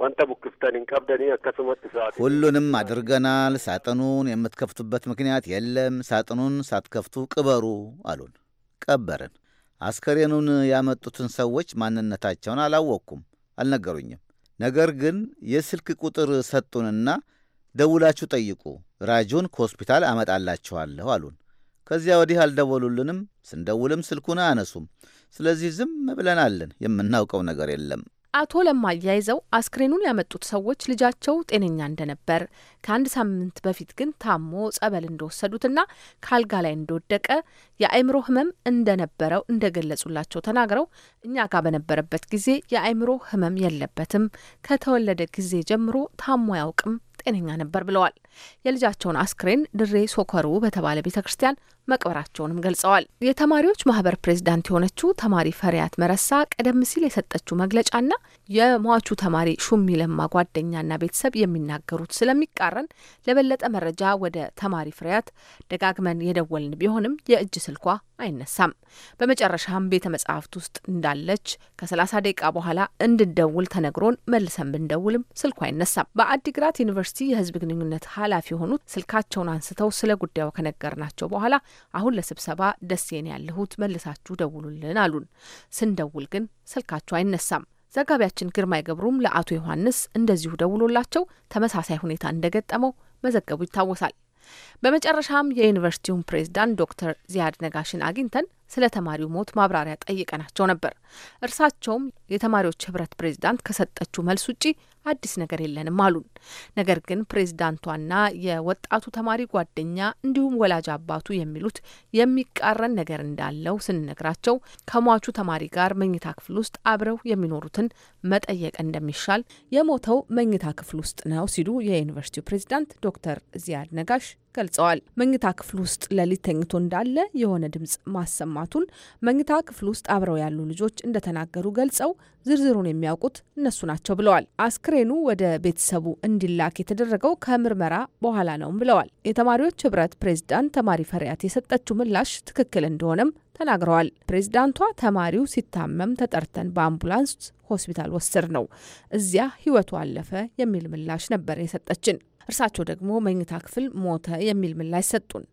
ዋንታ ቡክፍተን እንቀብደኒ አከሱመት ሰዓት ሁሉንም አድርገናል። ሳጥኑን የምትከፍቱበት ምክንያት የለም፣ ሳጥኑን ሳትከፍቱ ቅበሩ አሉን። ቀበርን። አስከሬኑን ያመጡትን ሰዎች ማንነታቸውን አላወቅኩም፣ አልነገሩኝም። ነገር ግን የስልክ ቁጥር ሰጡንና ደውላችሁ ጠይቁ፣ ራጁን ከሆስፒታል አመጣላችኋለሁ አሉን። ከዚያ ወዲህ አልደወሉልንም፣ ስንደውልም ስልኩን አያነሱም። ስለዚህ ዝም ብለናለን፣ የምናውቀው ነገር የለም አቶ ለማ አያይዘው አስክሬኑን ያመጡት ሰዎች ልጃቸው ጤነኛ እንደነበር ከአንድ ሳምንት በፊት ግን ታሞ ጸበል እንደወሰዱትና ከአልጋ ላይ እንደወደቀ የአእምሮ ሕመም እንደነበረው እንደገለጹላቸው ተናግረው እኛ ጋር በነበረበት ጊዜ የአእምሮ ሕመም የለበትም ከተወለደ ጊዜ ጀምሮ ታሞ አያውቅም ጤነኛ ነበር ብለዋል። የልጃቸውን አስክሬን ድሬ ሶከሩ በተባለ ቤተ ክርስቲያን መቅበራቸውንም ገልጸዋል። የተማሪዎች ማህበር ፕሬዝዳንት የሆነችው ተማሪ ፈሪያት መረሳ ቀደም ሲል የሰጠችው መግለጫና የሟቹ ተማሪ ሹሚ ለማ ጓደኛና ቤተሰብ የሚናገሩት ስለሚቃረን ለበለጠ መረጃ ወደ ተማሪ ፍሬያት ደጋግመን የደወልን ቢሆንም የእጅ ስልኳ አይነሳም። በመጨረሻም ቤተ መጽሐፍት ውስጥ እንዳለች ከ30 ደቂቃ በኋላ እንድንደውል ተነግሮን መልሰን ብንደውልም ስልኳ አይነሳም። በአዲግራት ዩኒቨርሲቲ ዩኒቨርሲቲ የህዝብ ግንኙነት ኃላፊ የሆኑት ስልካቸውን አንስተው ስለ ጉዳዩ ከነገርናቸው በኋላ አሁን ለስብሰባ ደሴን ያለሁት መልሳችሁ ደውሉልን አሉን። ስንደውል ግን ስልካቸው አይነሳም። ዘጋቢያችን ግርማይ ገብሩም ለአቶ ዮሐንስ እንደዚሁ ደውሎላቸው ተመሳሳይ ሁኔታ እንደገጠመው መዘገቡ ይታወሳል። በመጨረሻም የዩኒቨርሲቲውን ፕሬዝዳንት ዶክተር ዚያድ ነጋሽን አግኝተን ስለ ተማሪው ሞት ማብራሪያ ጠይቀናቸው ነበር። እርሳቸውም የተማሪዎች ህብረት ፕሬዝዳንት ከሰጠችው መልስ ውጪ አዲስ ነገር የለንም አሉን። ነገር ግን ፕሬዝዳንቷና የወጣቱ ተማሪ ጓደኛ እንዲሁም ወላጅ አባቱ የሚሉት የሚቃረን ነገር እንዳለው ስንነግራቸው ከሟቹ ተማሪ ጋር መኝታ ክፍል ውስጥ አብረው የሚኖሩትን መጠየቅ እንደሚሻል የሞተው መኝታ ክፍል ውስጥ ነው ሲሉ የዩኒቨርሲቲው ፕሬዝዳንት ዶክተር ዚያድ ነጋሽ ገልጸዋል። መኝታ ክፍል ውስጥ ለሊት ተኝቶ እንዳለ የሆነ ድምጽ ማሰማቱን መኝታ ክፍል ውስጥ አብረው ያሉ ልጆች እንደተናገሩ ገልጸው ዝርዝሩን የሚያውቁት እነሱ ናቸው ብለዋል። አስክሬኑ ወደ ቤተሰቡ እንዲላክ የተደረገው ከምርመራ በኋላ ነውም ብለዋል። የተማሪዎች ህብረት ፕሬዝዳንት ተማሪ ፈሪያት የሰጠችው ምላሽ ትክክል እንደሆነም ተናግረዋል። ፕሬዝዳንቷ ተማሪው ሲታመም ተጠርተን በአምቡላንስ ሆስፒታል ወሰድ ነው፣ እዚያ ህይወቱ አለፈ የሚል ምላሽ ነበር የሰጠችን። እርሳቸው ደግሞ መኝታ ክፍል ሞተ የሚል ምላሽ ሰጡን።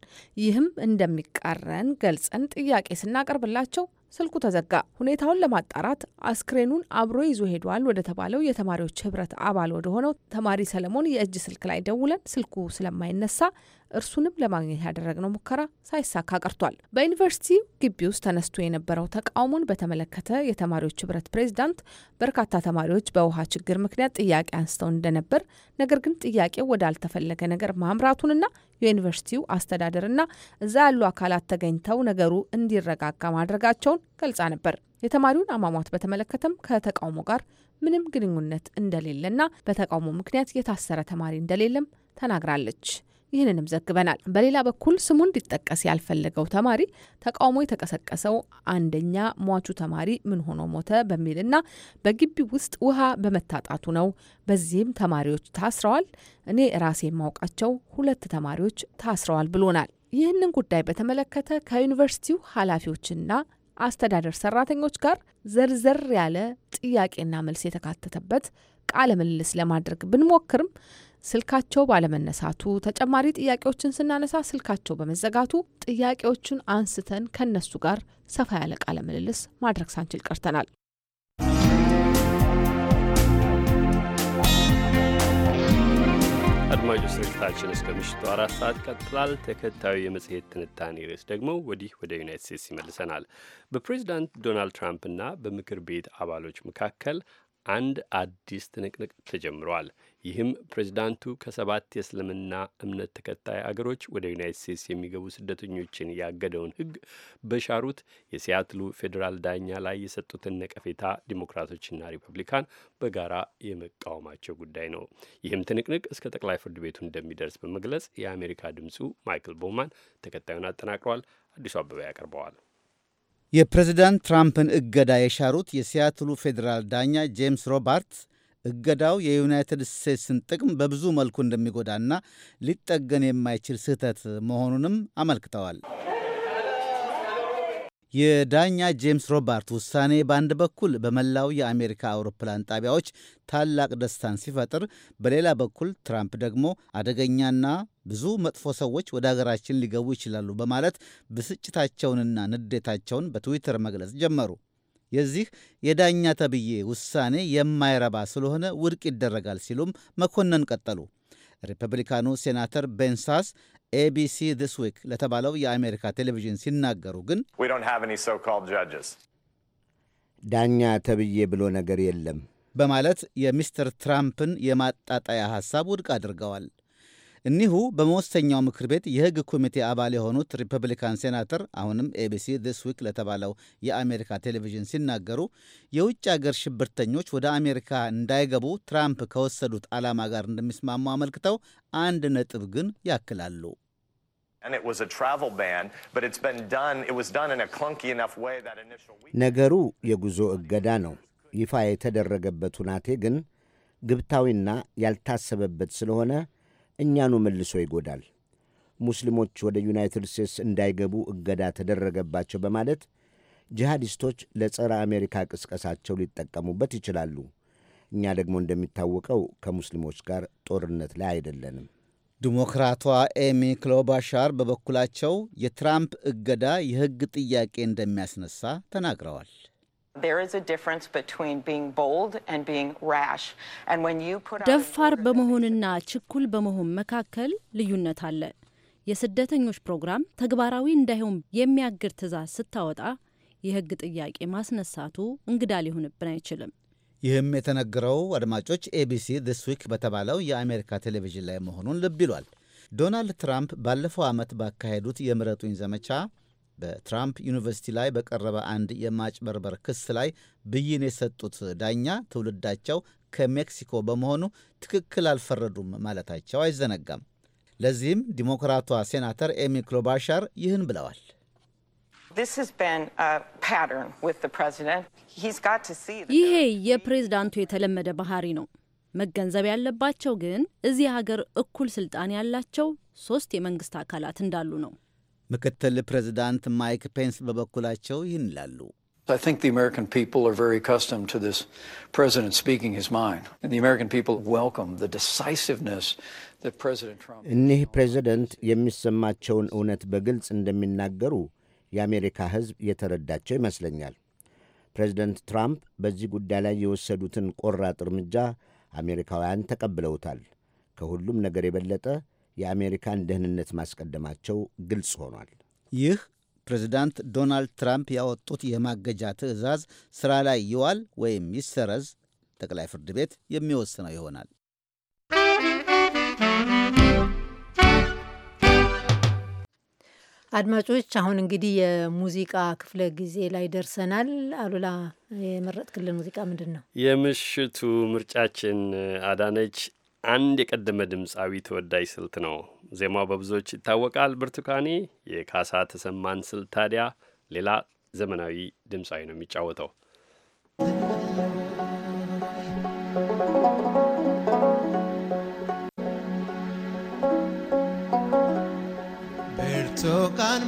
ይህም እንደሚቃረን ገልጸን ጥያቄ ስናቀርብላቸው ስልኩ ተዘጋ። ሁኔታውን ለማጣራት አስክሬኑን አብሮ ይዞ ሄዷል ወደ ተባለው የተማሪዎች ህብረት አባል ወደ ሆነው ተማሪ ሰለሞን የእጅ ስልክ ላይ ደውለን ስልኩ ስለማይነሳ እርሱንም ለማግኘት ያደረግነው ሙከራ ሳይሳካ ቀርቷል። በዩኒቨርሲቲ ግቢ ውስጥ ተነስቶ የነበረው ተቃውሞን በተመለከተ የተማሪዎች ህብረት ፕሬዚዳንት በርካታ ተማሪዎች በውሃ ችግር ምክንያት ጥያቄ አንስተው እንደነበር፣ ነገር ግን ጥያቄው ወዳልተፈለገ ነገር ማምራቱንና የዩኒቨርሲቲው አስተዳደርና እዛ ያሉ አካላት ተገኝተው ነገሩ እንዲረጋጋ ማድረጋቸውን ገልጻ ነበር። የተማሪውን አሟሟት በተመለከተም ከተቃውሞ ጋር ምንም ግንኙነት እንደሌለና በተቃውሞ ምክንያት የታሰረ ተማሪ እንደሌለም ተናግራለች። ይህንንም ዘግበናል። በሌላ በኩል ስሙ እንዲጠቀስ ያልፈለገው ተማሪ ተቃውሞ የተቀሰቀሰው አንደኛ ሟቹ ተማሪ ምን ሆኖ ሞተ በሚልና በግቢ ውስጥ ውሃ በመታጣቱ ነው። በዚህም ተማሪዎች ታስረዋል። እኔ ራሴ የማውቃቸው ሁለት ተማሪዎች ታስረዋል ብሎናል። ይህንን ጉዳይ በተመለከተ ከዩኒቨርሲቲው ኃላፊዎችና አስተዳደር ሰራተኞች ጋር ዘርዘር ያለ ጥያቄና መልስ የተካተተበት ቃለ ምልልስ ለማድረግ ብንሞክርም ስልካቸው ባለመነሳቱ፣ ተጨማሪ ጥያቄዎችን ስናነሳ ስልካቸው በመዘጋቱ ጥያቄዎቹን አንስተን ከነሱ ጋር ሰፋ ያለ ቃለ ምልልስ ማድረግ ሳንችል ቀርተናል። አድማጮች ስርጭታችን እስከ ምሽቱ አራት ሰዓት ቀጥላል። ተከታዩ የመጽሔት ትንታኔ ርዕስ ደግሞ ወዲህ ወደ ዩናይት ስቴትስ ይመልሰናል። በፕሬዚዳንት ዶናልድ ትራምፕና በምክር ቤት አባሎች መካከል አንድ አዲስ ትንቅንቅ ተጀምረዋል። ይህም ፕሬዚዳንቱ ከሰባት የእስልምና እምነት ተከታይ አገሮች ወደ ዩናይት ስቴትስ የሚገቡ ስደተኞችን ያገደውን ሕግ በሻሩት የሲያትሉ ፌዴራል ዳኛ ላይ የሰጡትን ነቀፌታ ዲሞክራቶችና ሪፐብሊካን በጋራ የመቃወማቸው ጉዳይ ነው። ይህም ትንቅንቅ እስከ ጠቅላይ ፍርድ ቤቱ እንደሚደርስ በመግለጽ የአሜሪካ ድምፁ ማይክል ቦማን ተከታዩን አጠናቅሯል። አዲሱ አበባ ያቀርበዋል። የፕሬዚዳንት ትራምፕን እገዳ የሻሩት የሲያትሉ ፌዴራል ዳኛ ጄምስ ሮባርትስ እገዳው የዩናይትድ ስቴትስን ጥቅም በብዙ መልኩ እንደሚጎዳና ሊጠገን የማይችል ስህተት መሆኑንም አመልክተዋል። የዳኛ ጄምስ ሮባርት ውሳኔ በአንድ በኩል በመላው የአሜሪካ አውሮፕላን ጣቢያዎች ታላቅ ደስታን ሲፈጥር፣ በሌላ በኩል ትራምፕ ደግሞ አደገኛና ብዙ መጥፎ ሰዎች ወደ አገራችን ሊገቡ ይችላሉ በማለት ብስጭታቸውንና ንዴታቸውን በትዊተር መግለጽ ጀመሩ። የዚህ የዳኛ ተብዬ ውሳኔ የማይረባ ስለሆነ ውድቅ ይደረጋል ሲሉም መኮንን ቀጠሉ። ሪፐብሊካኑ ሴናተር ቤንሳስ ኤቢሲ ዲስ ዊክ ለተባለው የአሜሪካ ቴሌቪዥን ሲናገሩ ግን ዳኛ ተብዬ ብሎ ነገር የለም በማለት የሚስተር ትራምፕን የማጣጣያ ሐሳብ ውድቅ አድርገዋል። እኒሁ በመወሰኛው ምክር ቤት የሕግ ኮሚቴ አባል የሆኑት ሪፐብሊካን ሴናተር አሁንም ኤቢሲ ዲስ ዊክ ለተባለው የአሜሪካ ቴሌቪዥን ሲናገሩ የውጭ አገር ሽብርተኞች ወደ አሜሪካ እንዳይገቡ ትራምፕ ከወሰዱት ዓላማ ጋር እንደሚስማሙ አመልክተው አንድ ነጥብ ግን ያክላሉ። ነገሩ የጉዞ እገዳ ነው። ይፋ የተደረገበት ሁናቴ ግን ግብታዊና ያልታሰበበት ስለሆነ እኛኑ መልሶ ይጎዳል። ሙስሊሞች ወደ ዩናይትድ ስቴትስ እንዳይገቡ እገዳ ተደረገባቸው በማለት ጂሃዲስቶች ለጸረ አሜሪካ ቅስቀሳቸው ሊጠቀሙበት ይችላሉ። እኛ ደግሞ እንደሚታወቀው ከሙስሊሞች ጋር ጦርነት ላይ አይደለንም። ዲሞክራቷ ኤሚ ክሎባሻር በበኩላቸው የትራምፕ እገዳ የሕግ ጥያቄ እንደሚያስነሳ ተናግረዋል። ደፋር በመሆንና ችኩል በመሆን መካከል ልዩነት አለ። የስደተኞች ፕሮግራም ተግባራዊ እንዳይሆን የሚያግድ ትዕዛዝ ስታወጣ የሕግ ጥያቄ ማስነሳቱ እንግዳ ሊሆንብን አይችልም። ይህም የተነገረው አድማጮች ኤቢሲ ዲስ ዊክ በተባለው የአሜሪካ ቴሌቪዥን ላይ መሆኑን ልብ ይሏል። ዶናልድ ትራምፕ ባለፈው ዓመት ባካሄዱት የምረጡኝ ዘመቻ በትራምፕ ዩኒቨርሲቲ ላይ በቀረበ አንድ የማጭበርበር ክስ ላይ ብይን የሰጡት ዳኛ ትውልዳቸው ከሜክሲኮ በመሆኑ ትክክል አልፈረዱም ማለታቸው አይዘነጋም። ለዚህም ዲሞክራቷ ሴናተር ኤሚ ክሎባሻር ይህን ብለዋል። ይሄ የፕሬዝዳንቱ የተለመደ ባህሪ ነው። መገንዘብ ያለባቸው ግን እዚህ ሀገር እኩል ስልጣን ያላቸው ሶስት የመንግስት አካላት እንዳሉ ነው። ምክትል ፕሬዚዳንት ማይክ ፔንስ በበኩላቸው ይህን ይላሉ። እኒህ ፕሬዚደንት የሚሰማቸውን እውነት በግልጽ እንደሚናገሩ የአሜሪካ ሕዝብ የተረዳቸው ይመስለኛል። ፕሬዚደንት ትራምፕ በዚህ ጉዳይ ላይ የወሰዱትን ቆራጥ እርምጃ አሜሪካውያን ተቀብለውታል። ከሁሉም ነገር የበለጠ የአሜሪካን ደህንነት ማስቀደማቸው ግልጽ ሆኗል። ይህ ፕሬዚዳንት ዶናልድ ትራምፕ ያወጡት የማገጃ ትዕዛዝ ስራ ላይ ይዋል ወይም ይሰረዝ ጠቅላይ ፍርድ ቤት የሚወስነው ይሆናል። አድማጮች፣ አሁን እንግዲህ የሙዚቃ ክፍለ ጊዜ ላይ ደርሰናል። አሉላ የመረጥክልን ሙዚቃ ምንድን ነው? የምሽቱ ምርጫችን አዳነች አንድ የቀደመ ድምፃዊ ተወዳጅ ስልት ነው። ዜማው በብዙዎች ይታወቃል። ብርቱካኔ የካሳ ተሰማን ስልት ታዲያ ሌላ ዘመናዊ ድምፃዊ ነው የሚጫወተው። ብርቱካን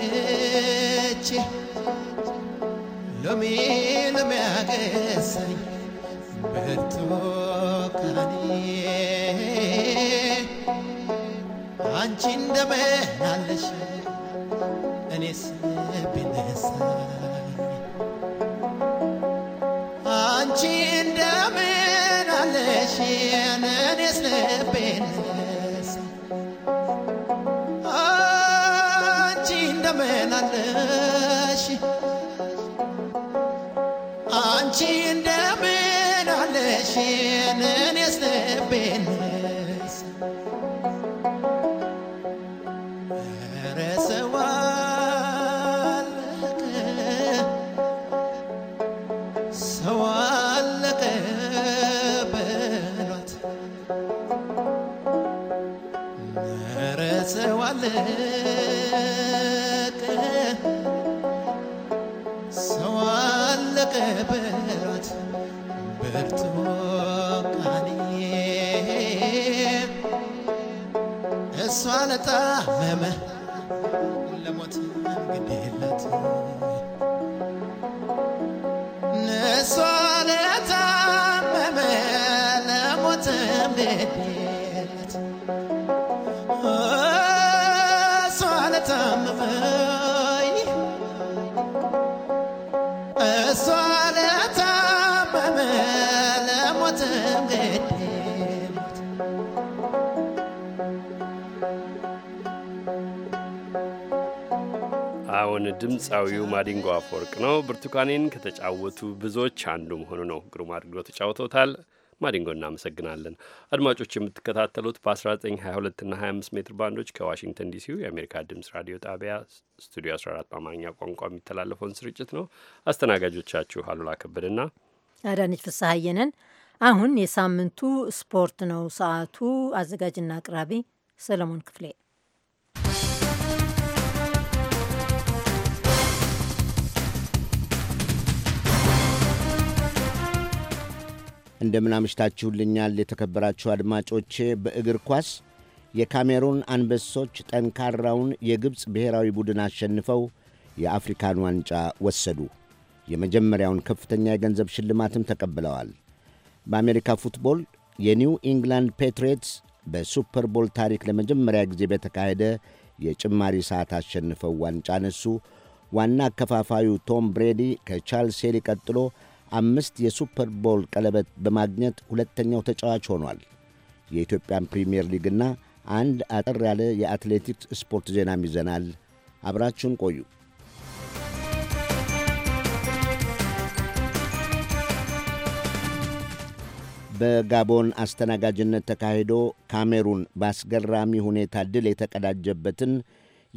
ተረድቼ ሎሚ ሎሚ ያገሳኝ ብርቱካኔ አንቺ እንደምን አለሽ ያለሽን እኔስ ልቤን ከታመመ ለሞት ግዴለት ንሷ ለታመመ ለሞት ግዴለት እሷ ለታመመ እሷ ድምፃዊው ማዲንጎ አፈወርቅ ነው። ብርቱካኔን ከተጫወቱ ብዙዎች አንዱ መሆኑ ነው። ግሩም አድርገው ተጫውተውታል። ማዲንጎ እናመሰግናለን። አድማጮች የምትከታተሉት በ1922 እና 25 ሜትር ባንዶች ከዋሽንግተን ዲሲው የአሜሪካ ድምፅ ራዲዮ ጣቢያ ስቱዲዮ 14 በአማርኛ ቋንቋ የሚተላለፈውን ስርጭት ነው። አስተናጋጆቻችሁ አሉላ ከበደና አዳነች ፍስሐየነን። አሁን የሳምንቱ ስፖርት ነው ሰዓቱ። አዘጋጅና አቅራቢ ሰለሞን ክፍሌ እንደምናምሽታችሁልኛል የተከበራችሁ አድማጮቼ። በእግር ኳስ የካሜሩን አንበሶች ጠንካራውን የግብፅ ብሔራዊ ቡድን አሸንፈው የአፍሪካን ዋንጫ ወሰዱ። የመጀመሪያውን ከፍተኛ የገንዘብ ሽልማትም ተቀብለዋል። በአሜሪካ ፉትቦል የኒው ኢንግላንድ ፔትሪዮትስ በሱፐር ቦል ታሪክ ለመጀመሪያ ጊዜ በተካሄደ የጭማሪ ሰዓት አሸንፈው ዋንጫ ነሱ። ዋና አከፋፋዩ ቶም ብሬዲ ከቻርልስ ቀጥሎ አምስት የሱፐር ቦል ቀለበት በማግኘት ሁለተኛው ተጫዋች ሆኗል። የኢትዮጵያን ፕሪምየር ሊግና አንድ አጠር ያለ የአትሌቲክስ ስፖርት ዜናም ይዘናል። አብራችሁን ቆዩ። በጋቦን አስተናጋጅነት ተካሂዶ ካሜሩን በአስገራሚ ሁኔታ ድል የተቀዳጀበትን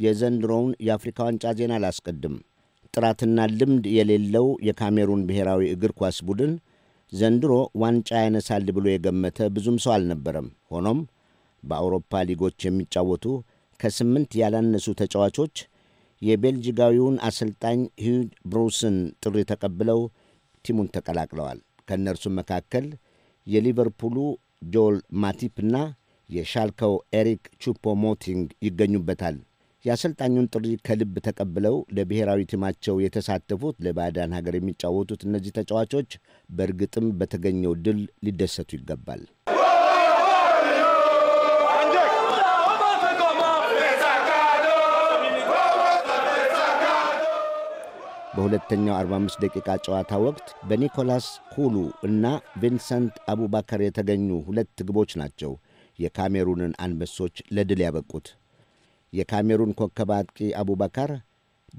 የዘንድሮውን የአፍሪካ ዋንጫ ዜና አላስቀድም። ጥራትና ልምድ የሌለው የካሜሩን ብሔራዊ እግር ኳስ ቡድን ዘንድሮ ዋንጫ ያነሳል ብሎ የገመተ ብዙም ሰው አልነበረም። ሆኖም በአውሮፓ ሊጎች የሚጫወቱ ከስምንት ያላነሱ ተጫዋቾች የቤልጂጋዊውን አሰልጣኝ ሂዩጅ ብሩስን ጥሪ ተቀብለው ቲሙን ተቀላቅለዋል። ከእነርሱም መካከል የሊቨርፑሉ ጆል ማቲፕና የሻልከው ኤሪክ ቹፖሞቲንግ ይገኙበታል። የአሰልጣኙን ጥሪ ከልብ ተቀብለው ለብሔራዊ ቲማቸው የተሳተፉት ለባዕዳን ሀገር የሚጫወቱት እነዚህ ተጫዋቾች በእርግጥም በተገኘው ድል ሊደሰቱ ይገባል። በሁለተኛው 45 ደቂቃ ጨዋታ ወቅት በኒኮላስ ሁሉ እና ቪንሰንት አቡባከር የተገኙ ሁለት ግቦች ናቸው የካሜሩንን አንበሶች ለድል ያበቁት። የካሜሩን ኮከብ አጥቂ አቡበካር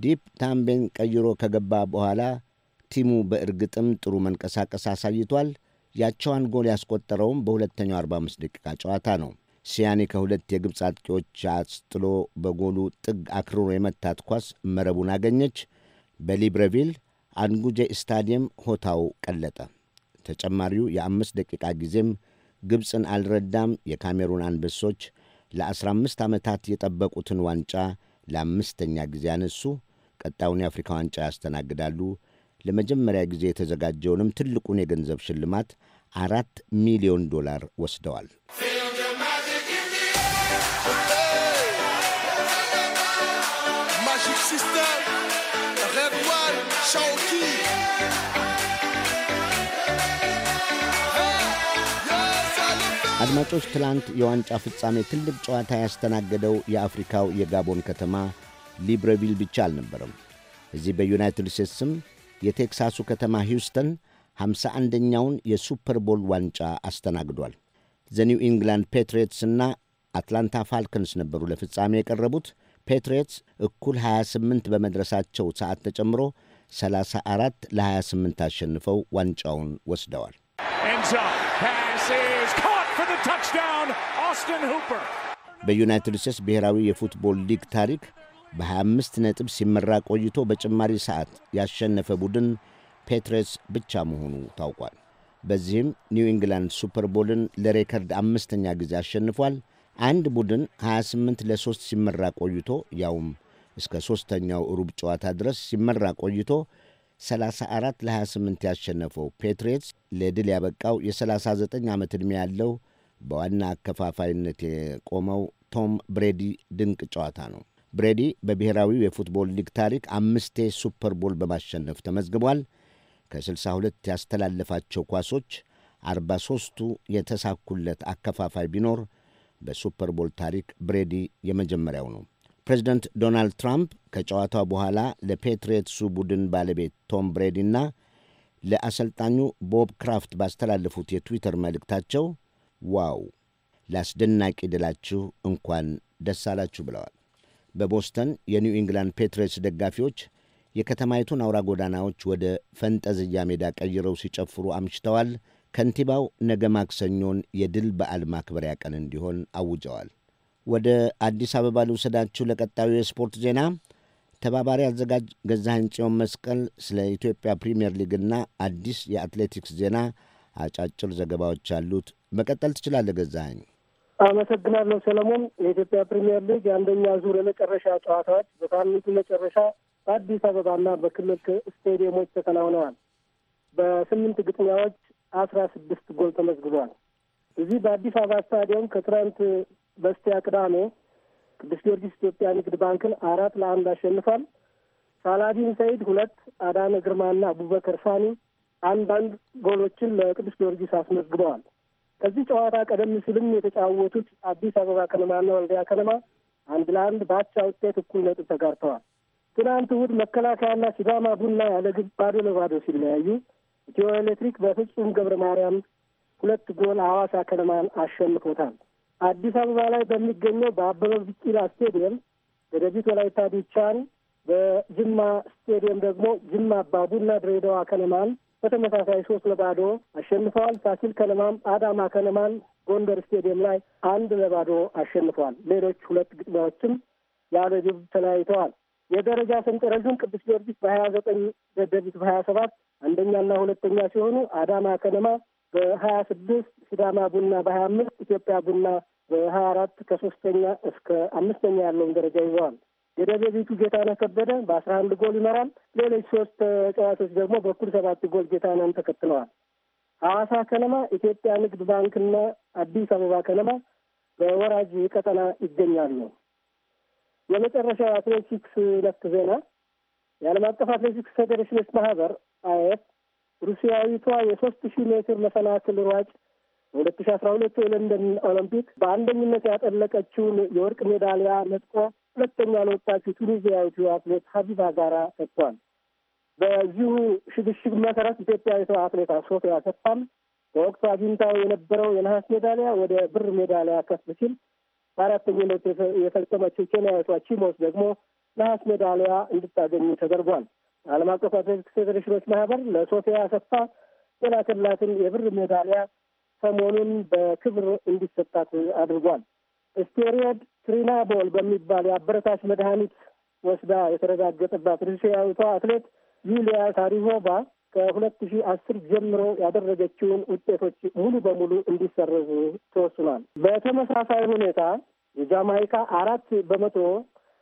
ዲፕ ታምቤን ቀይሮ ከገባ በኋላ ቲሙ በእርግጥም ጥሩ መንቀሳቀስ አሳይቷል። ያቸዋን ጎል ያስቆጠረውም በሁለተኛው 45 ደቂቃ ጨዋታ ነው። ሲያኒ ከሁለት የግብፅ አጥቂዎች አስጥሎ በጎሉ ጥግ አክርሮ የመታት ኳስ መረቡን አገኘች። በሊብረቪል አንጉጄ ስታዲየም ሆታው ቀለጠ። ተጨማሪው የአምስት ደቂቃ ጊዜም ግብፅን አልረዳም። የካሜሩን አንበሶች ለ15 ዓመታት የጠበቁትን ዋንጫ ለአምስተኛ ጊዜ አነሱ ቀጣዩን የአፍሪካ ዋንጫ ያስተናግዳሉ። ለመጀመሪያ ጊዜ የተዘጋጀውንም ትልቁን የገንዘብ ሽልማት አራት ሚሊዮን ዶላር ወስደዋል። አድማጮች፣ ትላንት የዋንጫ ፍጻሜ ትልቅ ጨዋታ ያስተናገደው የአፍሪካው የጋቦን ከተማ ሊብረቪል ብቻ አልነበረም። እዚህ በዩናይትድ ስቴትስም የቴክሳሱ ከተማ ሂውስተን 51ኛውን የሱፐር ቦል ዋንጫ አስተናግዷል። ዘኒው ኢንግላንድ ፔትሪዮትስ እና አትላንታ ፋልከንስ ነበሩ ለፍጻሜ የቀረቡት። ፔትሪዮትስ እኩል 28 በመድረሳቸው ሰዓት ተጨምሮ 34 ለ28 አሸንፈው ዋንጫውን ወስደዋል። በዩናይትድ ስቴትስ ብሔራዊ የፉትቦል ሊግ ታሪክ በ25 ነጥብ ሲመራ ቆይቶ በጭማሪ ሰዓት ያሸነፈ ቡድን ፔትሬስ ብቻ መሆኑ ታውቋል። በዚህም ኒው ኢንግላንድ ሱፐርቦልን ለሬከርድ አምስተኛ ጊዜ አሸንፏል። አንድ ቡድን 28 ለ3 ሲመራ ቆይቶ ያውም እስከ ሦስተኛው ሩብ ጨዋታ ድረስ ሲመራ ቆይቶ 34 ለ28 ያሸነፈው ፔትሬትስ ለድል ያበቃው የ39 ዓመት ዕድሜ ያለው በዋና አከፋፋይነት የቆመው ቶም ብሬዲ ድንቅ ጨዋታ ነው። ብሬዲ በብሔራዊው የፉትቦል ሊግ ታሪክ አምስቴ ሱፐር ቦል በማሸነፍ ተመዝግቧል። ከ62 ያስተላለፋቸው ኳሶች 43ቱ የተሳኩለት አከፋፋይ ቢኖር በሱፐር ቦል ታሪክ ብሬዲ የመጀመሪያው ነው። ፕሬዚደንት ዶናልድ ትራምፕ ከጨዋታው በኋላ ለፔትሪየትሱ ቡድን ባለቤት ቶም ብሬዲና ለአሰልጣኙ ቦብ ክራፍት ባስተላለፉት የትዊተር መልእክታቸው ዋው ለአስደናቂ ድላችሁ እንኳን ደስ አላችሁ ብለዋል። በቦስተን የኒው ኢንግላንድ ፔትሬትስ ደጋፊዎች የከተማይቱን አውራ ጎዳናዎች ወደ ፈንጠዝያ ሜዳ ቀይረው ሲጨፍሩ አምሽተዋል። ከንቲባው ነገ ማክሰኞን የድል በዓል ማክበሪያ ቀን እንዲሆን አውጀዋል። ወደ አዲስ አበባ ልውሰዳችሁ። ለቀጣዩ የስፖርት ዜና ተባባሪ አዘጋጅ ገዛኸኝ ጽዮን መስቀል ስለ ኢትዮጵያ ፕሪምየር ሊግና አዲስ የአትሌቲክስ ዜና አጫጭር ዘገባዎች ያሉት መቀጠል ትችላለህ ገዛኸኝ። አመሰግናለሁ ሰለሞን። የኢትዮጵያ ፕሪምየር ሊግ የአንደኛ ዙር የመጨረሻ ጨዋታዎች በሳምንቱ መጨረሻ በአዲስ አበባና በክልል ስቴዲየሞች ተከናውነዋል። በስምንት ግጥሚያዎች አስራ ስድስት ጎል ተመዝግቧል። እዚህ በአዲስ አበባ ስታዲየም ከትናንት በስቲያ ቅዳሜ ቅዱስ ጊዮርጊስ ኢትዮጵያ ንግድ ባንክን አራት ለአንድ አሸንፏል። ሳላዲን ሰይድ ሁለት፣ አዳነ ግርማና አቡበከር ሳኒ አንዳንድ ጎሎችን ለቅዱስ ጊዮርጊስ አስመዝግበዋል። ከዚህ ጨዋታ ቀደም ሲልም የተጫወቱት አዲስ አበባ ከነማና ወልዲያ ከነማ አንድ ለአንድ በአቻ ውጤት እኩል ነጥብ ተጋርተዋል። ትናንት እሁድ መከላከያና ሲዳማ ቡና ያለ ግብ ባዶ ለባዶ ሲለያዩ ኢትዮ ኤሌክትሪክ በፍጹም ገብረ ማርያም ሁለት ጎል ሐዋሳ ከነማን አሸንፎታል። አዲስ አበባ ላይ በሚገኘው በአበበ ቢቂላ ስቴዲየም ደደቢት ወላይታ ዲቻን፣ በጅማ ስቴዲየም ደግሞ ጅማ አባ ቡና ድሬዳዋ ከነማን በተመሳሳይ ሶስት ለባዶ አሸንፈዋል። ፋሲል ከነማም አዳማ ከነማን ጎንደር ስቴዲየም ላይ አንድ ለባዶ አሸንፈዋል። ሌሎች ሁለት ግጥሚያዎችም ያለ ግብ ተለያይተዋል። የደረጃ ሰንጠረዡን ቅዱስ ጊዮርጊስ በሀያ ዘጠኝ ደደቢት በሀያ ሰባት አንደኛና ሁለተኛ ሲሆኑ አዳማ ከነማ በሀያ ስድስት ሲዳማ ቡና በሀያ አምስት ኢትዮጵያ ቡና በሀያ አራት ከሶስተኛ እስከ አምስተኛ ያለውን ደረጃ ይዘዋል። ቤቱ ጌታነህ ከበደ በአስራ አንድ ጎል ይመራል። ሌሎች ሶስት ተጫዋቾች ደግሞ በኩል ሰባት ጎል ጌታነህን ተከትለዋል። ሐዋሳ ከነማ፣ ኢትዮጵያ ንግድ ባንክና አዲስ አበባ ከነማ በወራጅ ቀጠና ይገኛሉ። የመጨረሻው አትሌቲክስ ነክ ዜና የዓለም አቀፍ አትሌቲክስ ፌዴሬሽኖች ማህበር አይኤፍ ሩሲያዊቷ የሶስት ሺህ ሜትር መሰናክል ሯጭ በሁለት ሺ አስራ ሁለት የለንደን ኦሎምፒክ በአንደኝነት ያጠለቀችውን የወርቅ ሜዳሊያ ነጥቆ ሁለተኛ ለወጣች ቱኒዚያዊቱ አትሌት ሀቢባ ጋራ ሰጥቷል። በዚሁ ሽግሽግ መሰረት ኢትዮጵያዊቷ አትሌት ሶፊያ ሰፋም በወቅቱ አግኝታው የነበረው የነሐስ ሜዳሊያ ወደ ብር ሜዳሊያ ከፍ ሲል በአራተኝነት የፈጸመችው ኬንያዊቷ ቺሞስ ደግሞ ነሐስ ሜዳሊያ እንድታገኙ ተደርጓል። ዓለም አቀፍ አትሌቲክስ ፌዴሬሽኖች ማህበር ለሶፊያ ሰፋ የላከላትን የብር ሜዳሊያ ሰሞኑን በክብር እንዲሰጣት አድርጓል። ስቴሮይድ ትሪናቦል በሚባል የአበረታች መድኃኒት ወስዳ የተረጋገጠባት ሩሲያዊቷ አትሌት ዩሊያ ሳሪቮቫ ከሁለት ሺህ አስር ጀምሮ ያደረገችውን ውጤቶች ሙሉ በሙሉ እንዲሰረዙ ተወስኗል። በተመሳሳይ ሁኔታ የጃማይካ አራት በመቶ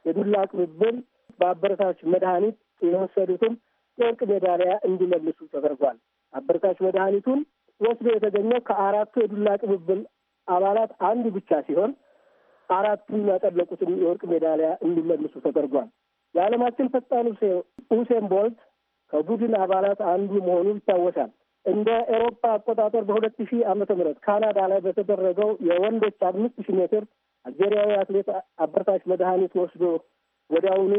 የዱላ ቅብብል በአበረታች መድኃኒት የወሰዱትን የወርቅ ሜዳሊያ እንዲመልሱ ተደርጓል። አበረታች መድኃኒቱን ወስዶ የተገኘው ከአራቱ የዱላ ቅብብል አባላት አንዱ ብቻ ሲሆን አራቱ ያጠለቁትን የወርቅ ሜዳሊያ እንዲመልሱ ተደርጓል። የዓለማችን ፈጣኑ ሁሴን ቦልት ከቡድን አባላት አንዱ መሆኑ ይታወሳል። እንደ ኤሮፓ አቆጣጠር በሁለት ሺህ ዓመተ ምህረት ካናዳ ላይ በተደረገው የወንዶች አምስት ሺህ ሜትር አልጄሪያዊ አትሌት አበረታች መድኃኒት ወስዶ ወዲያውኑ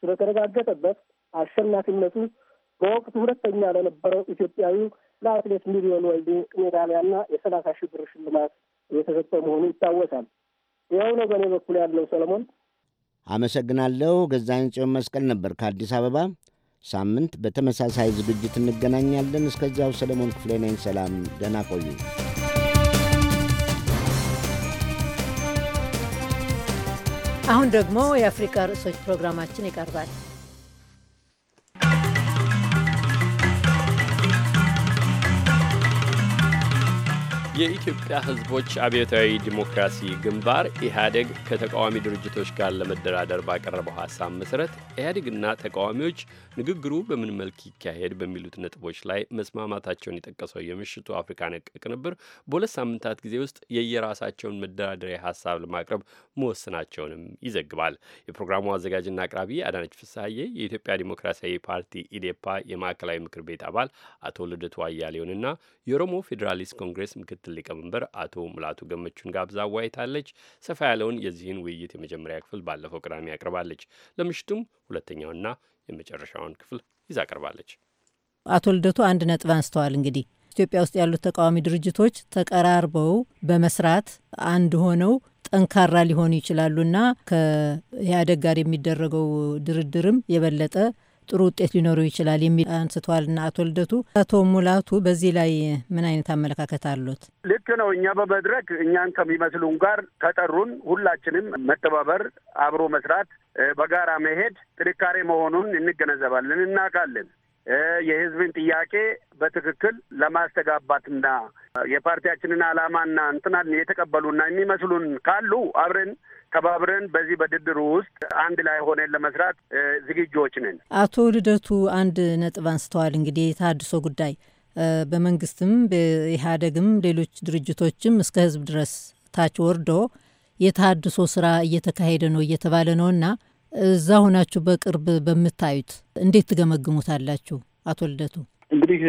ስለተረጋገጠበት አሸናፊነቱ በወቅቱ ሁለተኛ ለነበረው ኢትዮጵያዊው ለአትሌት ሚሊዮን ወልዴ ሜዳሊያና የሰላሳ ሺህ ብር ሽልማት የተሰጠ መሆኑ ይታወሳል። ያው ነው በእኔ በኩል ያለው ሰለሞን። አመሰግናለሁ። ገዛኝ ጽዮን መስቀል ነበር ከአዲስ አበባ። ሳምንት በተመሳሳይ ዝግጅት እንገናኛለን። እስከዚያው ሰለሞን ክፍሌ ነኝ። ሰላም፣ ደህና ቆዩ። አሁን ደግሞ የአፍሪካ ርዕሶች ፕሮግራማችን ይቀርባል። የኢትዮጵያ ሕዝቦች አብዮታዊ ዲሞክራሲ ግንባር ኢህአዴግ ከተቃዋሚ ድርጅቶች ጋር ለመደራደር ባቀረበው ሀሳብ መሰረት ኢህአዴግና ተቃዋሚዎች ንግግሩ በምን መልክ ይካሄድ በሚሉት ነጥቦች ላይ መስማማታቸውን የጠቀሰው የምሽቱ አፍሪካ ነክ ቅንብር በሁለት ሳምንታት ጊዜ ውስጥ የየራሳቸውን መደራደሪያ ሀሳብ ለማቅረብ መወሰናቸውንም ይዘግባል። የፕሮግራሙ አዘጋጅና አቅራቢ አዳነች ፍሳሐዬ የኢትዮጵያ ዲሞክራሲያዊ ፓርቲ ኢዴፓ የማዕከላዊ ምክር ቤት አባል አቶ ልደቱ አያሌውንና የኦሮሞ ፌዴራሊስት ኮንግሬስ ምክትል ምክትል ሊቀመንበር አቶ ሙላቱ ገመቹን ጋብዛ ዋይታለች ሰፋ ያለውን የዚህን ውይይት የመጀመሪያ ክፍል ባለፈው ቅዳሜ አቅርባለች። ለምሽቱም ሁለተኛውና የመጨረሻውን ክፍል ይዛ አቅርባለች። አቶ ልደቱ አንድ ነጥብ አንስተዋል። እንግዲህ ኢትዮጵያ ውስጥ ያሉት ተቃዋሚ ድርጅቶች ተቀራርበው በመስራት አንድ ሆነው ጠንካራ ሊሆኑ ይችላሉና ከኢህአዴግ ጋር የሚደረገው ድርድርም የበለጠ ጥሩ ውጤት ሊኖረው ይችላል የሚል አንስተዋልና አቶ ልደቱ። አቶ ሙላቱ በዚህ ላይ ምን አይነት አመለካከት አሉት? ልክ ነው። እኛ በመድረክ እኛን ከሚመስሉን ጋር ከጠሩን ሁላችንም መተባበር፣ አብሮ መስራት፣ በጋራ መሄድ ጥንካሬ መሆኑን እንገነዘባለን፣ እናውቃለን። የህዝብን ጥያቄ በትክክል ለማስተጋባትና የፓርቲያችንን አላማና እንትናን የተቀበሉና የሚመስሉን ካሉ አብረን ተባብረን በዚህ በድድሩ ውስጥ አንድ ላይ ሆነን ለመስራት ዝግጆች ነን። አቶ ልደቱ አንድ ነጥብ አንስተዋል። እንግዲህ የታድሶ ጉዳይ በመንግስትም በኢህአዴግም ሌሎች ድርጅቶችም እስከ ህዝብ ድረስ ታች ወርዶ የታድሶ ስራ እየተካሄደ ነው እየተባለ እና እዛ ሆናችሁ በቅርብ በምታዩት እንዴት ትገመግሙታላችሁ? አቶ ልደቱ እንግዲህ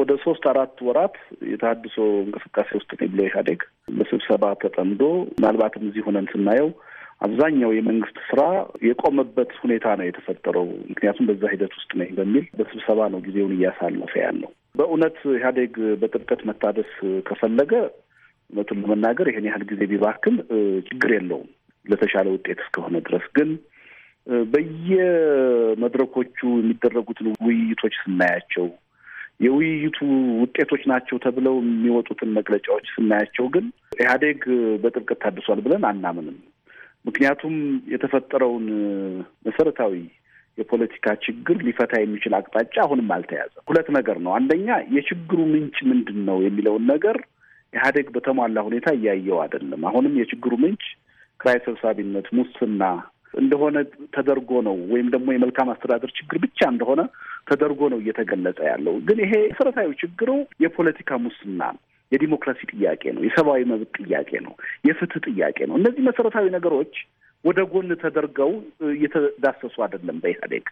ወደ ሶስት አራት ወራት የተሀድሶ እንቅስቃሴ ውስጥ ነው ብሎ ኢህአዴግ በስብሰባ ተጠምዶ ምናልባትም እዚህ ሆነን ስናየው አብዛኛው የመንግስት ስራ የቆመበት ሁኔታ ነው የተፈጠረው። ምክንያቱም በዛ ሂደት ውስጥ ነኝ በሚል በስብሰባ ነው ጊዜውን እያሳለፈ ያለው። በእውነት ኢህአዴግ በጥብቀት መታደስ ከፈለገ እውነቱን ለመናገር ይሄን ያህል ጊዜ ቢባክን ችግር የለውም ለተሻለ ውጤት እስከሆነ ድረስ ግን በየመድረኮቹ የሚደረጉትን ውይይቶች ስናያቸው የውይይቱ ውጤቶች ናቸው ተብለው የሚወጡትን መግለጫዎች ስናያቸው ግን ኢህአዴግ በጥብቀት ታድሷል ብለን አናምንም። ምክንያቱም የተፈጠረውን መሰረታዊ የፖለቲካ ችግር ሊፈታ የሚችል አቅጣጫ አሁንም አልተያዘም። ሁለት ነገር ነው። አንደኛ የችግሩ ምንጭ ምንድን ነው የሚለውን ነገር ኢህአዴግ በተሟላ ሁኔታ እያየው አይደለም። አሁንም የችግሩ ምንጭ ክራይ ሰብሳቢነት፣ ሙስና እንደሆነ ተደርጎ ነው ወይም ደግሞ የመልካም አስተዳደር ችግር ብቻ እንደሆነ ተደርጎ ነው እየተገለጸ ያለው። ግን ይሄ መሰረታዊ ችግሩ የፖለቲካ ሙስና ነው። የዲሞክራሲ ጥያቄ ነው። የሰብአዊ መብት ጥያቄ ነው። የፍትህ ጥያቄ ነው። እነዚህ መሰረታዊ ነገሮች ወደ ጎን ተደርገው እየተዳሰሱ አይደለም በኢህአዴግ።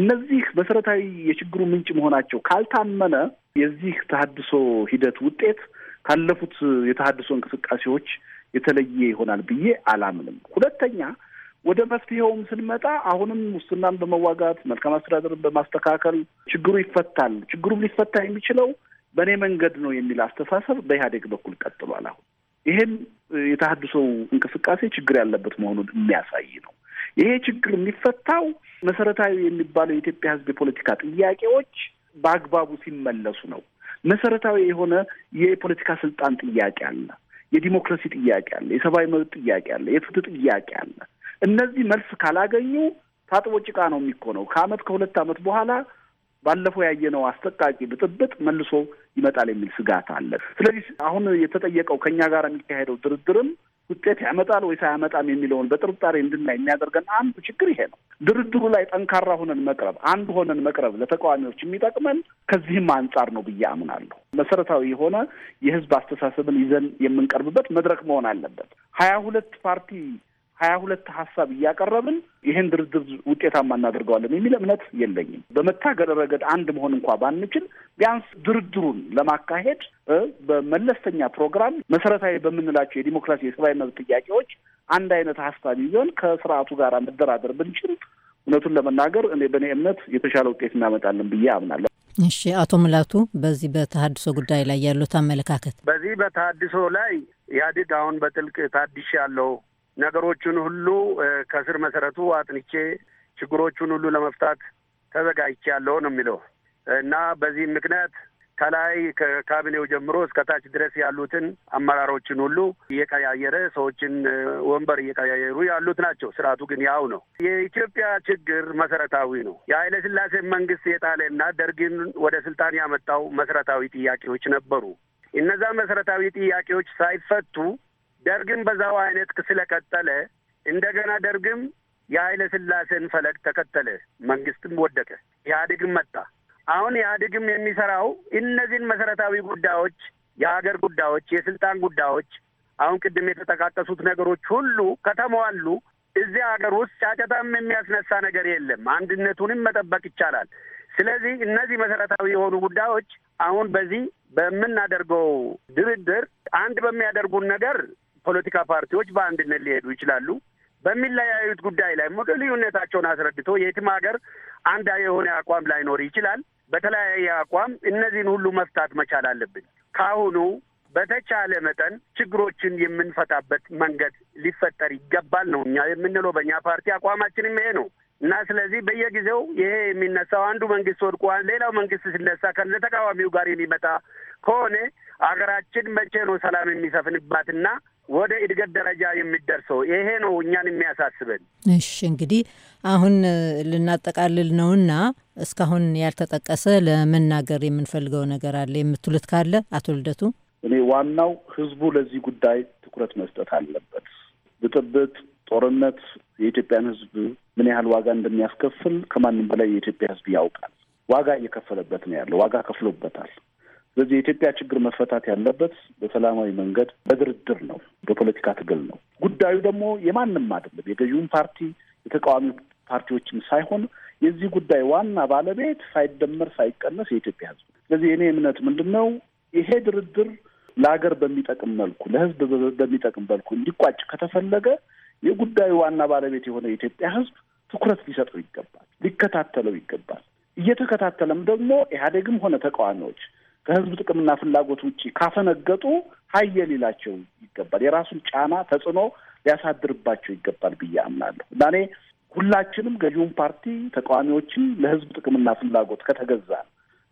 እነዚህ መሰረታዊ የችግሩ ምንጭ መሆናቸው ካልታመነ የዚህ ተሀድሶ ሂደት ውጤት ካለፉት የተሀድሶ እንቅስቃሴዎች የተለየ ይሆናል ብዬ አላምንም። ሁለተኛ ወደ መፍትሄውም ስንመጣ አሁንም ሙስናን በመዋጋት መልካም አስተዳደርን በማስተካከል ችግሩ ይፈታል። ችግሩም ሊፈታ የሚችለው በእኔ መንገድ ነው የሚል አስተሳሰብ በኢህአዴግ በኩል ቀጥሏል። አሁን ይህም የተሀድሶው እንቅስቃሴ ችግር ያለበት መሆኑን የሚያሳይ ነው። ይሄ ችግር የሚፈታው መሰረታዊ የሚባለው የኢትዮጵያ ሕዝብ የፖለቲካ ጥያቄዎች በአግባቡ ሲመለሱ ነው። መሰረታዊ የሆነ የፖለቲካ ስልጣን ጥያቄ አለ፣ የዲሞክራሲ ጥያቄ አለ፣ የሰብአዊ መብት ጥያቄ አለ፣ የፍትህ ጥያቄ አለ። እነዚህ መልስ ካላገኙ ታጥቦ ጭቃ ነው የሚኮነው። ከአመት ከሁለት አመት በኋላ ባለፈው ያየነው አስጠቃቂ ብጥብጥ መልሶ ይመጣል የሚል ስጋት አለ። ስለዚህ አሁን የተጠየቀው ከእኛ ጋር የሚካሄደው ድርድርም ውጤት ያመጣል ወይስ አያመጣም የሚለውን በጥርጣሬ እንድናይ የሚያደርገን አንዱ ችግር ይሄ ነው። ድርድሩ ላይ ጠንካራ ሆነን መቅረብ፣ አንድ ሆነን መቅረብ ለተቃዋሚዎች የሚጠቅመን ከዚህም አንጻር ነው ብዬ አምናለሁ። መሰረታዊ የሆነ የህዝብ አስተሳሰብን ይዘን የምንቀርብበት መድረክ መሆን አለበት። ሀያ ሁለት ፓርቲ ሀያ ሁለት ሀሳብ እያቀረብን ይህን ድርድር ውጤታማ እናደርገዋለን የሚል እምነት የለኝም። በመታገል ረገድ አንድ መሆን እንኳ ባንችል ቢያንስ ድርድሩን ለማካሄድ በመለስተኛ ፕሮግራም መሰረታዊ በምንላቸው የዲሞክራሲ የሰብአዊ መብት ጥያቄዎች አንድ አይነት ሀሳብ ይዘን ከስርዓቱ ጋር መደራደር ብንችል እውነቱን ለመናገር እኔ በእኔ እምነት የተሻለ ውጤት እናመጣለን ብዬ አምናለሁ። እሺ፣ አቶ ሙላቱ በዚህ በተሀድሶ ጉዳይ ላይ ያሉት አመለካከት? በዚህ በተሀድሶ ላይ ኢህአዴግ አሁን በጥልቅ ታድሽ ያለው ነገሮቹን ሁሉ ከስር መሰረቱ አጥንቼ ችግሮቹን ሁሉ ለመፍታት ያለው ነው የሚለው እና በዚህ ምክንያት ከላይ ከካቢኔው ጀምሮ እስከ ታች ድረስ ያሉትን አመራሮችን ሁሉ እየቀያየረ ሰዎችን ወንበር እየቀያየሩ ያሉት ናቸው። ስርዓቱ ግን ያው ነው። የኢትዮጵያ ችግር መሰረታዊ ነው። የኃይለ ሥላሴ መንግስት የጣለና ደርግን ወደ ስልጣን ያመጣው መሰረታዊ ጥያቄዎች ነበሩ። እነዛ መሰረታዊ ጥያቄዎች ሳይፈቱ ደርግም በዛው አይነት ስለቀጠለ እንደገና ደርግም የኃይለ ስላሴን ፈለግ ተከተለ። መንግስትም ወደቀ፣ ኢህአዴግም መጣ። አሁን ኢህአዴግም የሚሰራው እነዚህን መሰረታዊ ጉዳዮች፣ የሀገር ጉዳዮች፣ የስልጣን ጉዳዮች አሁን ቅድም የተጠቃቀሱት ነገሮች ሁሉ ከተሟሉ እዚህ ሀገር ውስጥ ጫጨታም የሚያስነሳ ነገር የለም። አንድነቱንም መጠበቅ ይቻላል። ስለዚህ እነዚህ መሰረታዊ የሆኑ ጉዳዮች አሁን በዚህ በምናደርገው ድርድር አንድ በሚያደርጉን ነገር ፖለቲካ ፓርቲዎች በአንድነት ሊሄዱ ይችላሉ። በሚለያዩት ጉዳይ ላይ ልዩነታቸውን አስረድቶ የትም ሀገር አንድ የሆነ አቋም ላይኖር ይችላል። በተለያየ አቋም እነዚህን ሁሉ መፍታት መቻል አለብን። ከአሁኑ በተቻለ መጠን ችግሮችን የምንፈታበት መንገድ ሊፈጠር ይገባል ነው እኛ የምንለው። በእኛ ፓርቲ አቋማችንም ይሄ ነው እና ስለዚህ በየጊዜው ይሄ የሚነሳው አንዱ መንግስት ወድቆ ሌላው መንግስት ሲነሳ ተቃዋሚው ጋር የሚመጣ ከሆነ አገራችን መቼ ነው ሰላም የሚሰፍንባትና ወደ እድገት ደረጃ የሚደርሰው ይሄ ነው እኛን የሚያሳስበን። እሺ እንግዲህ አሁን ልናጠቃልል ነውና እስካሁን ያልተጠቀሰ ለመናገር የምንፈልገው ነገር አለ የምትሉት ካለ አቶ ልደቱ? እኔ ዋናው ህዝቡ ለዚህ ጉዳይ ትኩረት መስጠት አለበት። ብጥብጥ፣ ጦርነት የኢትዮጵያን ህዝብ ምን ያህል ዋጋ እንደሚያስከፍል ከማንም በላይ የኢትዮጵያ ህዝብ ያውቃል። ዋጋ እየከፈለበት ነው ያለው። ዋጋ ከፍሎበታል። ስለዚህ የኢትዮጵያ ችግር መፈታት ያለበት በሰላማዊ መንገድ በድርድር ነው፣ በፖለቲካ ትግል ነው። ጉዳዩ ደግሞ የማንም አይደለም፣ የገዥውን ፓርቲ የተቃዋሚ ፓርቲዎችም ሳይሆን የዚህ ጉዳይ ዋና ባለቤት ሳይደመር ሳይቀነስ የኢትዮጵያ ሕዝብ። ስለዚህ የእኔ እምነት ምንድን ነው ይሄ ድርድር ለሀገር በሚጠቅም መልኩ ለሕዝብ በሚጠቅም መልኩ እንዲቋጭ ከተፈለገ የጉዳዩ ዋና ባለቤት የሆነ የኢትዮጵያ ሕዝብ ትኩረት ሊሰጠው ይገባል፣ ሊከታተለው ይገባል። እየተከታተለም ደግሞ ኢህአዴግም ሆነ ተቃዋሚዎች ከህዝብ ጥቅምና ፍላጎት ውጭ ካፈነገጡ ሀየ ሊላቸው ይገባል። የራሱን ጫና ተጽዕኖ ሊያሳድርባቸው ይገባል ብዬ አምናለሁ እና እኔ ሁላችንም ገዢውን ፓርቲ ተቃዋሚዎችን ለህዝብ ጥቅምና ፍላጎት ከተገዛ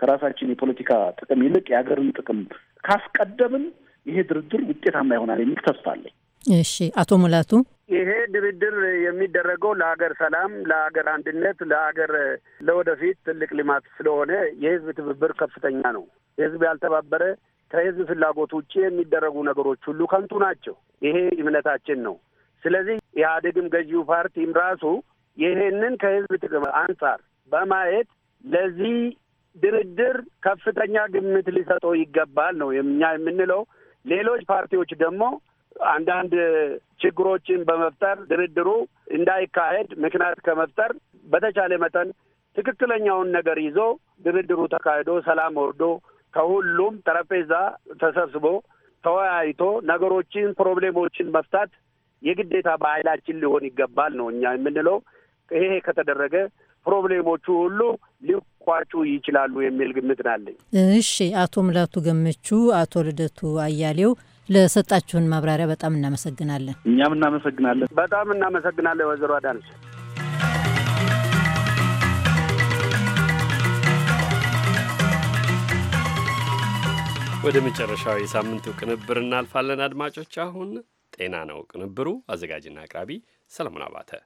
ከራሳችን የፖለቲካ ጥቅም ይልቅ የሀገርን ጥቅም ካስቀደምን ይሄ ድርድር ውጤታማ ይሆናል የሚል ተስፋ አለኝ። እሺ፣ አቶ ሙላቱ ይሄ ድርድር የሚደረገው ለሀገር ሰላም፣ ለሀገር አንድነት፣ ለሀገር ለወደፊት ትልቅ ልማት ስለሆነ የህዝብ ትብብር ከፍተኛ ነው። ህዝብ ያልተባበረ ከህዝብ ፍላጎት ውጭ የሚደረጉ ነገሮች ሁሉ ከንቱ ናቸው። ይሄ እምነታችን ነው። ስለዚህ ኢህአዴግም ገዢው ፓርቲም ራሱ ይሄንን ከህዝብ ጥቅም አንጻር በማየት ለዚህ ድርድር ከፍተኛ ግምት ሊሰጠው ይገባል ነው እኛ የምንለው። ሌሎች ፓርቲዎች ደግሞ አንዳንድ ችግሮችን በመፍጠር ድርድሩ እንዳይካሄድ ምክንያት ከመፍጠር በተቻለ መጠን ትክክለኛውን ነገር ይዞ ድርድሩ ተካሂዶ ሰላም ወርዶ ከሁሉም ጠረጴዛ ተሰብስቦ ተወያይቶ ነገሮችን ፕሮብሌሞችን መፍታት የግዴታ በኃይላችን ሊሆን ይገባል ነው እኛ የምንለው። ይሄ ከተደረገ ፕሮብሌሞቹ ሁሉ ሊቋጩ ይችላሉ የሚል ግምት ናለኝ። እሺ፣ አቶ ሙላቱ ገመቹ፣ አቶ ልደቱ አያሌው ለሰጣችሁን ማብራሪያ በጣም እናመሰግናለን። እኛም እናመሰግናለን። በጣም እናመሰግናለን ወይዘሮ አዳነች። ወደ መጨረሻው የሳምንቱ ቅንብር እናልፋለን። አድማጮች አሁን ጤና ነው ቅንብሩ። አዘጋጅና አቅራቢ ሰለሞን አባተ።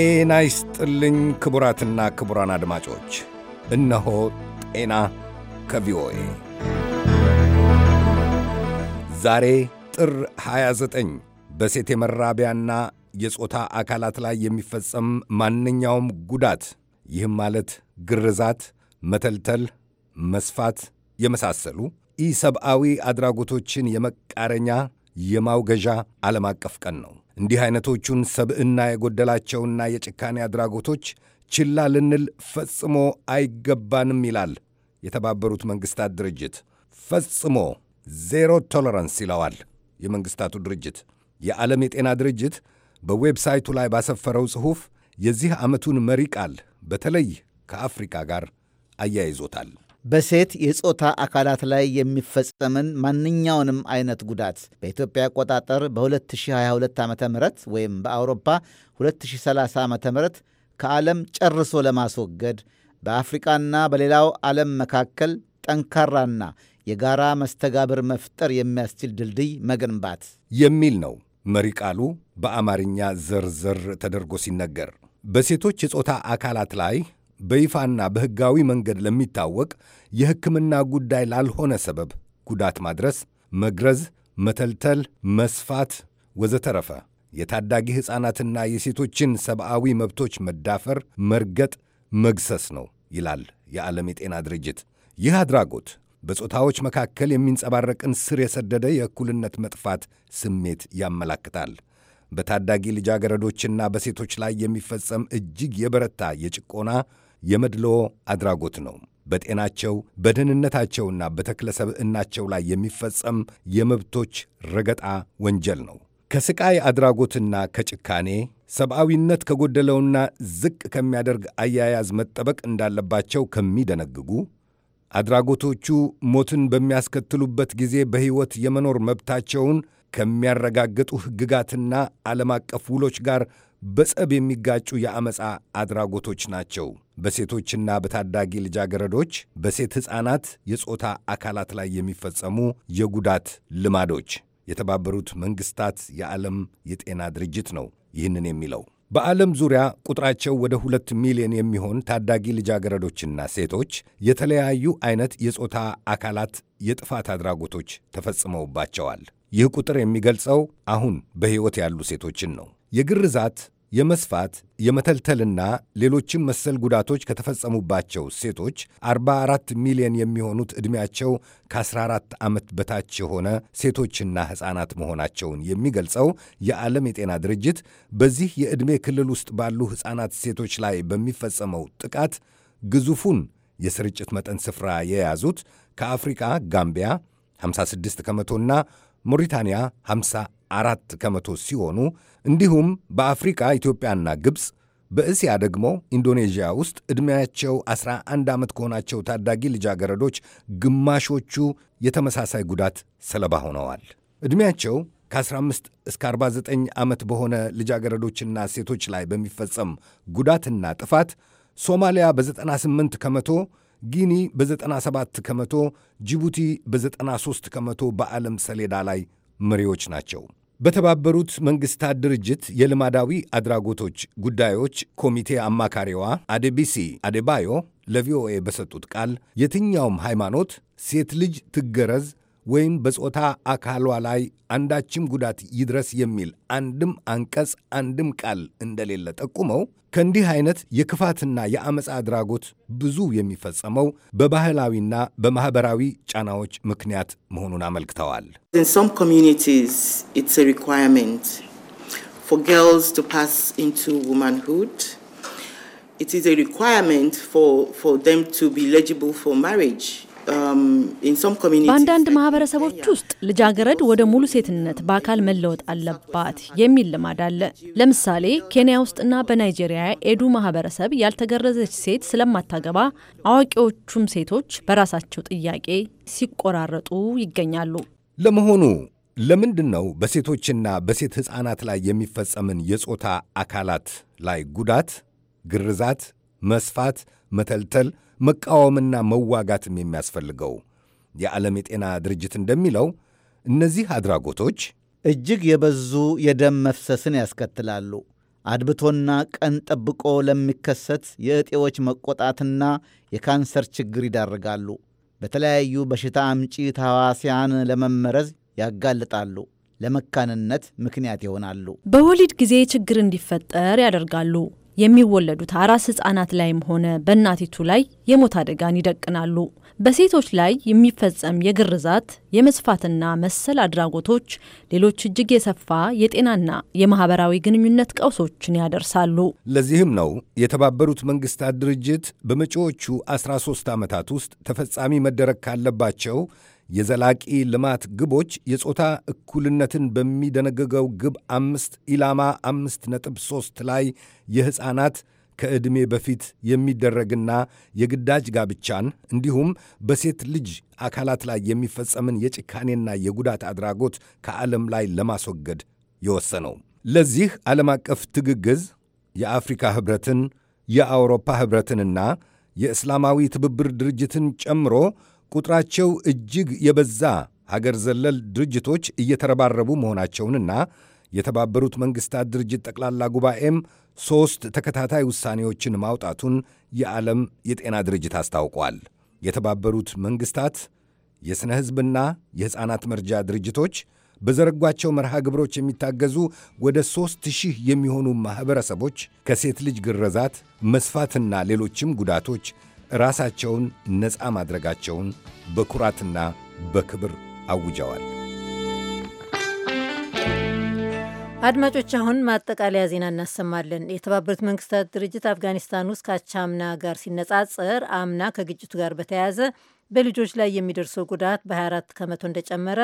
ጤና ይስጥልኝ ክቡራትና ክቡራን አድማጮች እነሆ ጤና ከቪኦኤ ዛሬ ጥር 29 በሴት የመራቢያና የጾታ አካላት ላይ የሚፈጸም ማንኛውም ጉዳት ይህም ማለት ግርዛት፣ መተልተል፣ መስፋት የመሳሰሉ ኢሰብአዊ አድራጎቶችን የመቃረኛ የማውገዣ ዓለም አቀፍ ቀን ነው። እንዲህ አይነቶቹን ሰብዕና የጎደላቸውና የጭካኔ አድራጎቶች ችላ ልንል ፈጽሞ አይገባንም ይላል የተባበሩት መንግሥታት ድርጅት። ፈጽሞ ዜሮ ቶለራንስ ይለዋል የመንግሥታቱ ድርጅት። የዓለም የጤና ድርጅት በዌብሳይቱ ላይ ባሰፈረው ጽሑፍ የዚህ ዓመቱን መሪ ቃል በተለይ ከአፍሪካ ጋር አያይዞታል። በሴት የጾታ አካላት ላይ የሚፈጸምን ማንኛውንም አይነት ጉዳት በኢትዮጵያ አቆጣጠር በ2022 ዓ ም ወይም በአውሮፓ 2030 ዓ ም ከዓለም ጨርሶ ለማስወገድ በአፍሪቃና በሌላው ዓለም መካከል ጠንካራና የጋራ መስተጋብር መፍጠር የሚያስችል ድልድይ መገንባት የሚል ነው መሪ ቃሉ በአማርኛ ዘርዘር ተደርጎ ሲነገር። በሴቶች የጾታ አካላት ላይ በይፋና በሕጋዊ መንገድ ለሚታወቅ የሕክምና ጉዳይ ላልሆነ ሰበብ ጉዳት ማድረስ፣ መግረዝ፣ መተልተል፣ መስፋት ወዘተረፈ የታዳጊ ሕፃናትና የሴቶችን ሰብአዊ መብቶች መዳፈር፣ መርገጥ፣ መግሰስ ነው ይላል የዓለም የጤና ድርጅት። ይህ አድራጎት በጾታዎች መካከል የሚንጸባረቅን ስር የሰደደ የእኩልነት መጥፋት ስሜት ያመላክታል። በታዳጊ ልጃገረዶችና በሴቶች ላይ የሚፈጸም እጅግ የበረታ የጭቆና የመድሎ አድራጎት ነው። በጤናቸው በደህንነታቸውና በተክለ ሰብዕናቸው ላይ የሚፈጸም የመብቶች ረገጣ ወንጀል ነው። ከሥቃይ አድራጎትና ከጭካኔ ሰብአዊነት ከጎደለውና ዝቅ ከሚያደርግ አያያዝ መጠበቅ እንዳለባቸው ከሚደነግጉ አድራጎቶቹ ሞትን በሚያስከትሉበት ጊዜ በሕይወት የመኖር መብታቸውን ከሚያረጋግጡ ሕግጋትና ዓለም አቀፍ ውሎች ጋር በጸብ የሚጋጩ የአመፃ አድራጎቶች ናቸው። በሴቶችና በታዳጊ ልጃገረዶች፣ በሴት ሕፃናት፣ የጾታ አካላት ላይ የሚፈጸሙ የጉዳት ልማዶች የተባበሩት መንግሥታት የዓለም የጤና ድርጅት ነው ይህንን የሚለው። በዓለም ዙሪያ ቁጥራቸው ወደ ሁለት ሚሊዮን የሚሆን ታዳጊ ልጃገረዶችና ሴቶች የተለያዩ አይነት የጾታ አካላት የጥፋት አድራጎቶች ተፈጽመውባቸዋል። ይህ ቁጥር የሚገልጸው አሁን በሕይወት ያሉ ሴቶችን ነው። የግርዛት የመስፋት የመተልተልና ሌሎችም መሰል ጉዳቶች ከተፈጸሙባቸው ሴቶች 44 ሚሊዮን የሚሆኑት ዕድሜያቸው ከ14 ዓመት በታች የሆነ ሴቶችና ሕፃናት መሆናቸውን የሚገልጸው የዓለም የጤና ድርጅት በዚህ የዕድሜ ክልል ውስጥ ባሉ ሕፃናት፣ ሴቶች ላይ በሚፈጸመው ጥቃት ግዙፉን የስርጭት መጠን ስፍራ የያዙት ከአፍሪካ ጋምቢያ 56 ከመቶና ሞሪታንያ 50 አራት ከመቶ ሲሆኑ እንዲሁም በአፍሪካ ኢትዮጵያና ግብፅ በእስያ ደግሞ ኢንዶኔዥያ ውስጥ ዕድሜያቸው 11 ዓመት ከሆናቸው ታዳጊ ልጃገረዶች ግማሾቹ የተመሳሳይ ጉዳት ሰለባ ሆነዋል። ዕድሜያቸው ከ15 እስከ 49 ዓመት በሆነ ልጃገረዶችና ሴቶች ላይ በሚፈጸም ጉዳትና ጥፋት ሶማሊያ በ98 ከመቶ፣ ጊኒ በ97 ከመቶ፣ ጅቡቲ በ93 ከመቶ በዓለም ሰሌዳ ላይ መሪዎች ናቸው። በተባበሩት መንግስታት ድርጅት የልማዳዊ አድራጎቶች ጉዳዮች ኮሚቴ አማካሪዋ አዴቢሲ አዴባዮ ለቪኦኤ በሰጡት ቃል የትኛውም ሃይማኖት ሴት ልጅ ትገረዝ ወይም በጾታ አካሏ ላይ አንዳችም ጉዳት ይድረስ የሚል አንድም አንቀጽ አንድም ቃል እንደሌለ ጠቁመው ከእንዲህ አይነት የክፋትና የአመፃ አድራጎት ብዙ የሚፈጸመው በባህላዊና በማኅበራዊ ጫናዎች ምክንያት መሆኑን አመልክተዋል። It is a requirement for, for them to be eligible for marriage. Um, በአንዳንድ ማህበረሰቦች ውስጥ ልጃገረድ ወደ ሙሉ ሴትነት በአካል መለወጥ አለባት የሚል ልማድ አለ። ለምሳሌ ኬንያ ውስጥና በናይጄሪያ ኤዱ ማህበረሰብ ያልተገረዘች ሴት ስለማታገባ አዋቂዎቹም ሴቶች በራሳቸው ጥያቄ ሲቆራረጡ ይገኛሉ። ለመሆኑ ለምንድን ነው በሴቶችና በሴት ሕፃናት ላይ የሚፈጸምን የጾታ አካላት ላይ ጉዳት፣ ግርዛት፣ መስፋት፣ መተልተል መቃወምና መዋጋትም የሚያስፈልገው። የዓለም የጤና ድርጅት እንደሚለው እነዚህ አድራጎቶች እጅግ የበዙ የደም መፍሰስን ያስከትላሉ። አድብቶና ቀን ጠብቆ ለሚከሰት የእጤዎች መቆጣትና የካንሰር ችግር ይዳርጋሉ። በተለያዩ በሽታ አምጪ ተህዋስያን ለመመረዝ ያጋልጣሉ። ለመካንነት ምክንያት ይሆናሉ። በወሊድ ጊዜ ችግር እንዲፈጠር ያደርጋሉ። የሚወለዱት አራስ ህጻናት ላይም ሆነ በእናቲቱ ላይ የሞት አደጋን ይደቅናሉ። በሴቶች ላይ የሚፈጸም የግርዛት የመስፋትና መሰል አድራጎቶች ሌሎች እጅግ የሰፋ የጤናና የማህበራዊ ግንኙነት ቀውሶችን ያደርሳሉ። ለዚህም ነው የተባበሩት መንግስታት ድርጅት በመጪዎቹ 13 ዓመታት ውስጥ ተፈጻሚ መደረግ ካለባቸው የዘላቂ ልማት ግቦች የጾታ እኩልነትን በሚደነግገው ግብ አምስት ኢላማ አምስት ነጥብ ሦስት ላይ የሕፃናት ከዕድሜ በፊት የሚደረግና የግዳጅ ጋብቻን እንዲሁም በሴት ልጅ አካላት ላይ የሚፈጸምን የጭካኔና የጉዳት አድራጎት ከዓለም ላይ ለማስወገድ የወሰነው ለዚህ ዓለም አቀፍ ትግግዝ የአፍሪካ ኅብረትን የአውሮፓ ኅብረትንና የእስላማዊ ትብብር ድርጅትን ጨምሮ ቁጥራቸው እጅግ የበዛ ሀገር ዘለል ድርጅቶች እየተረባረቡ መሆናቸውንና የተባበሩት መንግሥታት ድርጅት ጠቅላላ ጉባኤም ሦስት ተከታታይ ውሳኔዎችን ማውጣቱን የዓለም የጤና ድርጅት አስታውቋል። የተባበሩት መንግሥታት የሥነ ሕዝብና የሕፃናት መርጃ ድርጅቶች በዘረጓቸው መርሃ ግብሮች የሚታገዙ ወደ ሦስት ሺህ የሚሆኑ ማኅበረሰቦች ከሴት ልጅ ግርዛት መስፋትና ሌሎችም ጉዳቶች ራሳቸውን ነፃ ማድረጋቸውን በኩራትና በክብር አውጀዋል። አድማጮች፣ አሁን ማጠቃለያ ዜና እናሰማለን። የተባበሩት መንግስታት ድርጅት አፍጋኒስታን ውስጥ ካቻምና ጋር ሲነጻጸር አምና ከግጭቱ ጋር በተያያዘ በልጆች ላይ የሚደርሰው ጉዳት በ24 ከመቶ እንደጨመረ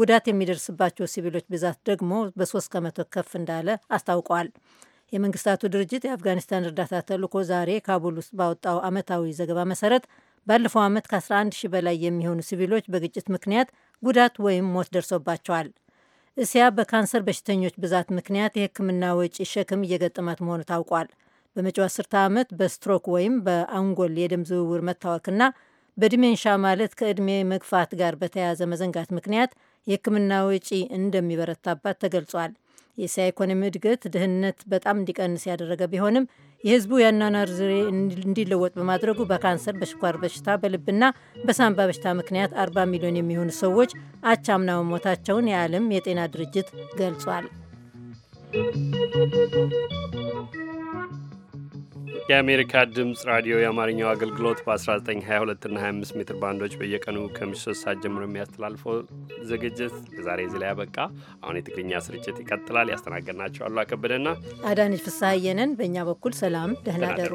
ጉዳት የሚደርስባቸው ሲቪሎች ብዛት ደግሞ በሶስት ከመቶ ከፍ እንዳለ አስታውቀዋል። የመንግስታቱ ድርጅት የአፍጋኒስታን እርዳታ ተልዕኮ ዛሬ ካቡል ውስጥ ባወጣው ዓመታዊ ዘገባ መሰረት ባለፈው ዓመት ከ11 ሺ በላይ የሚሆኑ ሲቪሎች በግጭት ምክንያት ጉዳት ወይም ሞት ደርሶባቸዋል። እስያ በካንሰር በሽተኞች ብዛት ምክንያት የሕክምና ወጪ ሸክም እየገጠማት መሆኑ ታውቋል። በመጪው አስርተ ዓመት በስትሮክ ወይም በአንጎል የደም ዝውውር መታወክና በዲሜንሻ ማለት ከዕድሜ መግፋት ጋር በተያያዘ መዘንጋት ምክንያት የሕክምና ወጪ እንደሚበረታባት ተገልጿል። የእስያ ኢኮኖሚ እድገት ድህነት በጣም እንዲቀንስ ያደረገ ቢሆንም የህዝቡ የአኗኗር ዘይቤ እንዲለወጥ በማድረጉ በካንሰር፣ በስኳር በሽታ፣ በልብና በሳንባ በሽታ ምክንያት 40 ሚሊዮን የሚሆኑ ሰዎች አቻምና መሞታቸውን የዓለም የጤና ድርጅት ገልጿል። የአሜሪካ ድምፅ ራዲዮ የአማርኛው አገልግሎት በ1922 እና 25 ሜትር ባንዶች በየቀኑ ከምሽቱ ሶስት ሰዓት ጀምሮ የሚያስተላልፈው ዝግጅት ዛሬ እዚህ ላይ ያበቃ። አሁን የትግርኛ ስርጭት ይቀጥላል። ያስተናገድናቸው አሉ አከበደና አዳነች ፍስሐየንን። በእኛ በኩል ሰላም፣ ደህና ደሩ።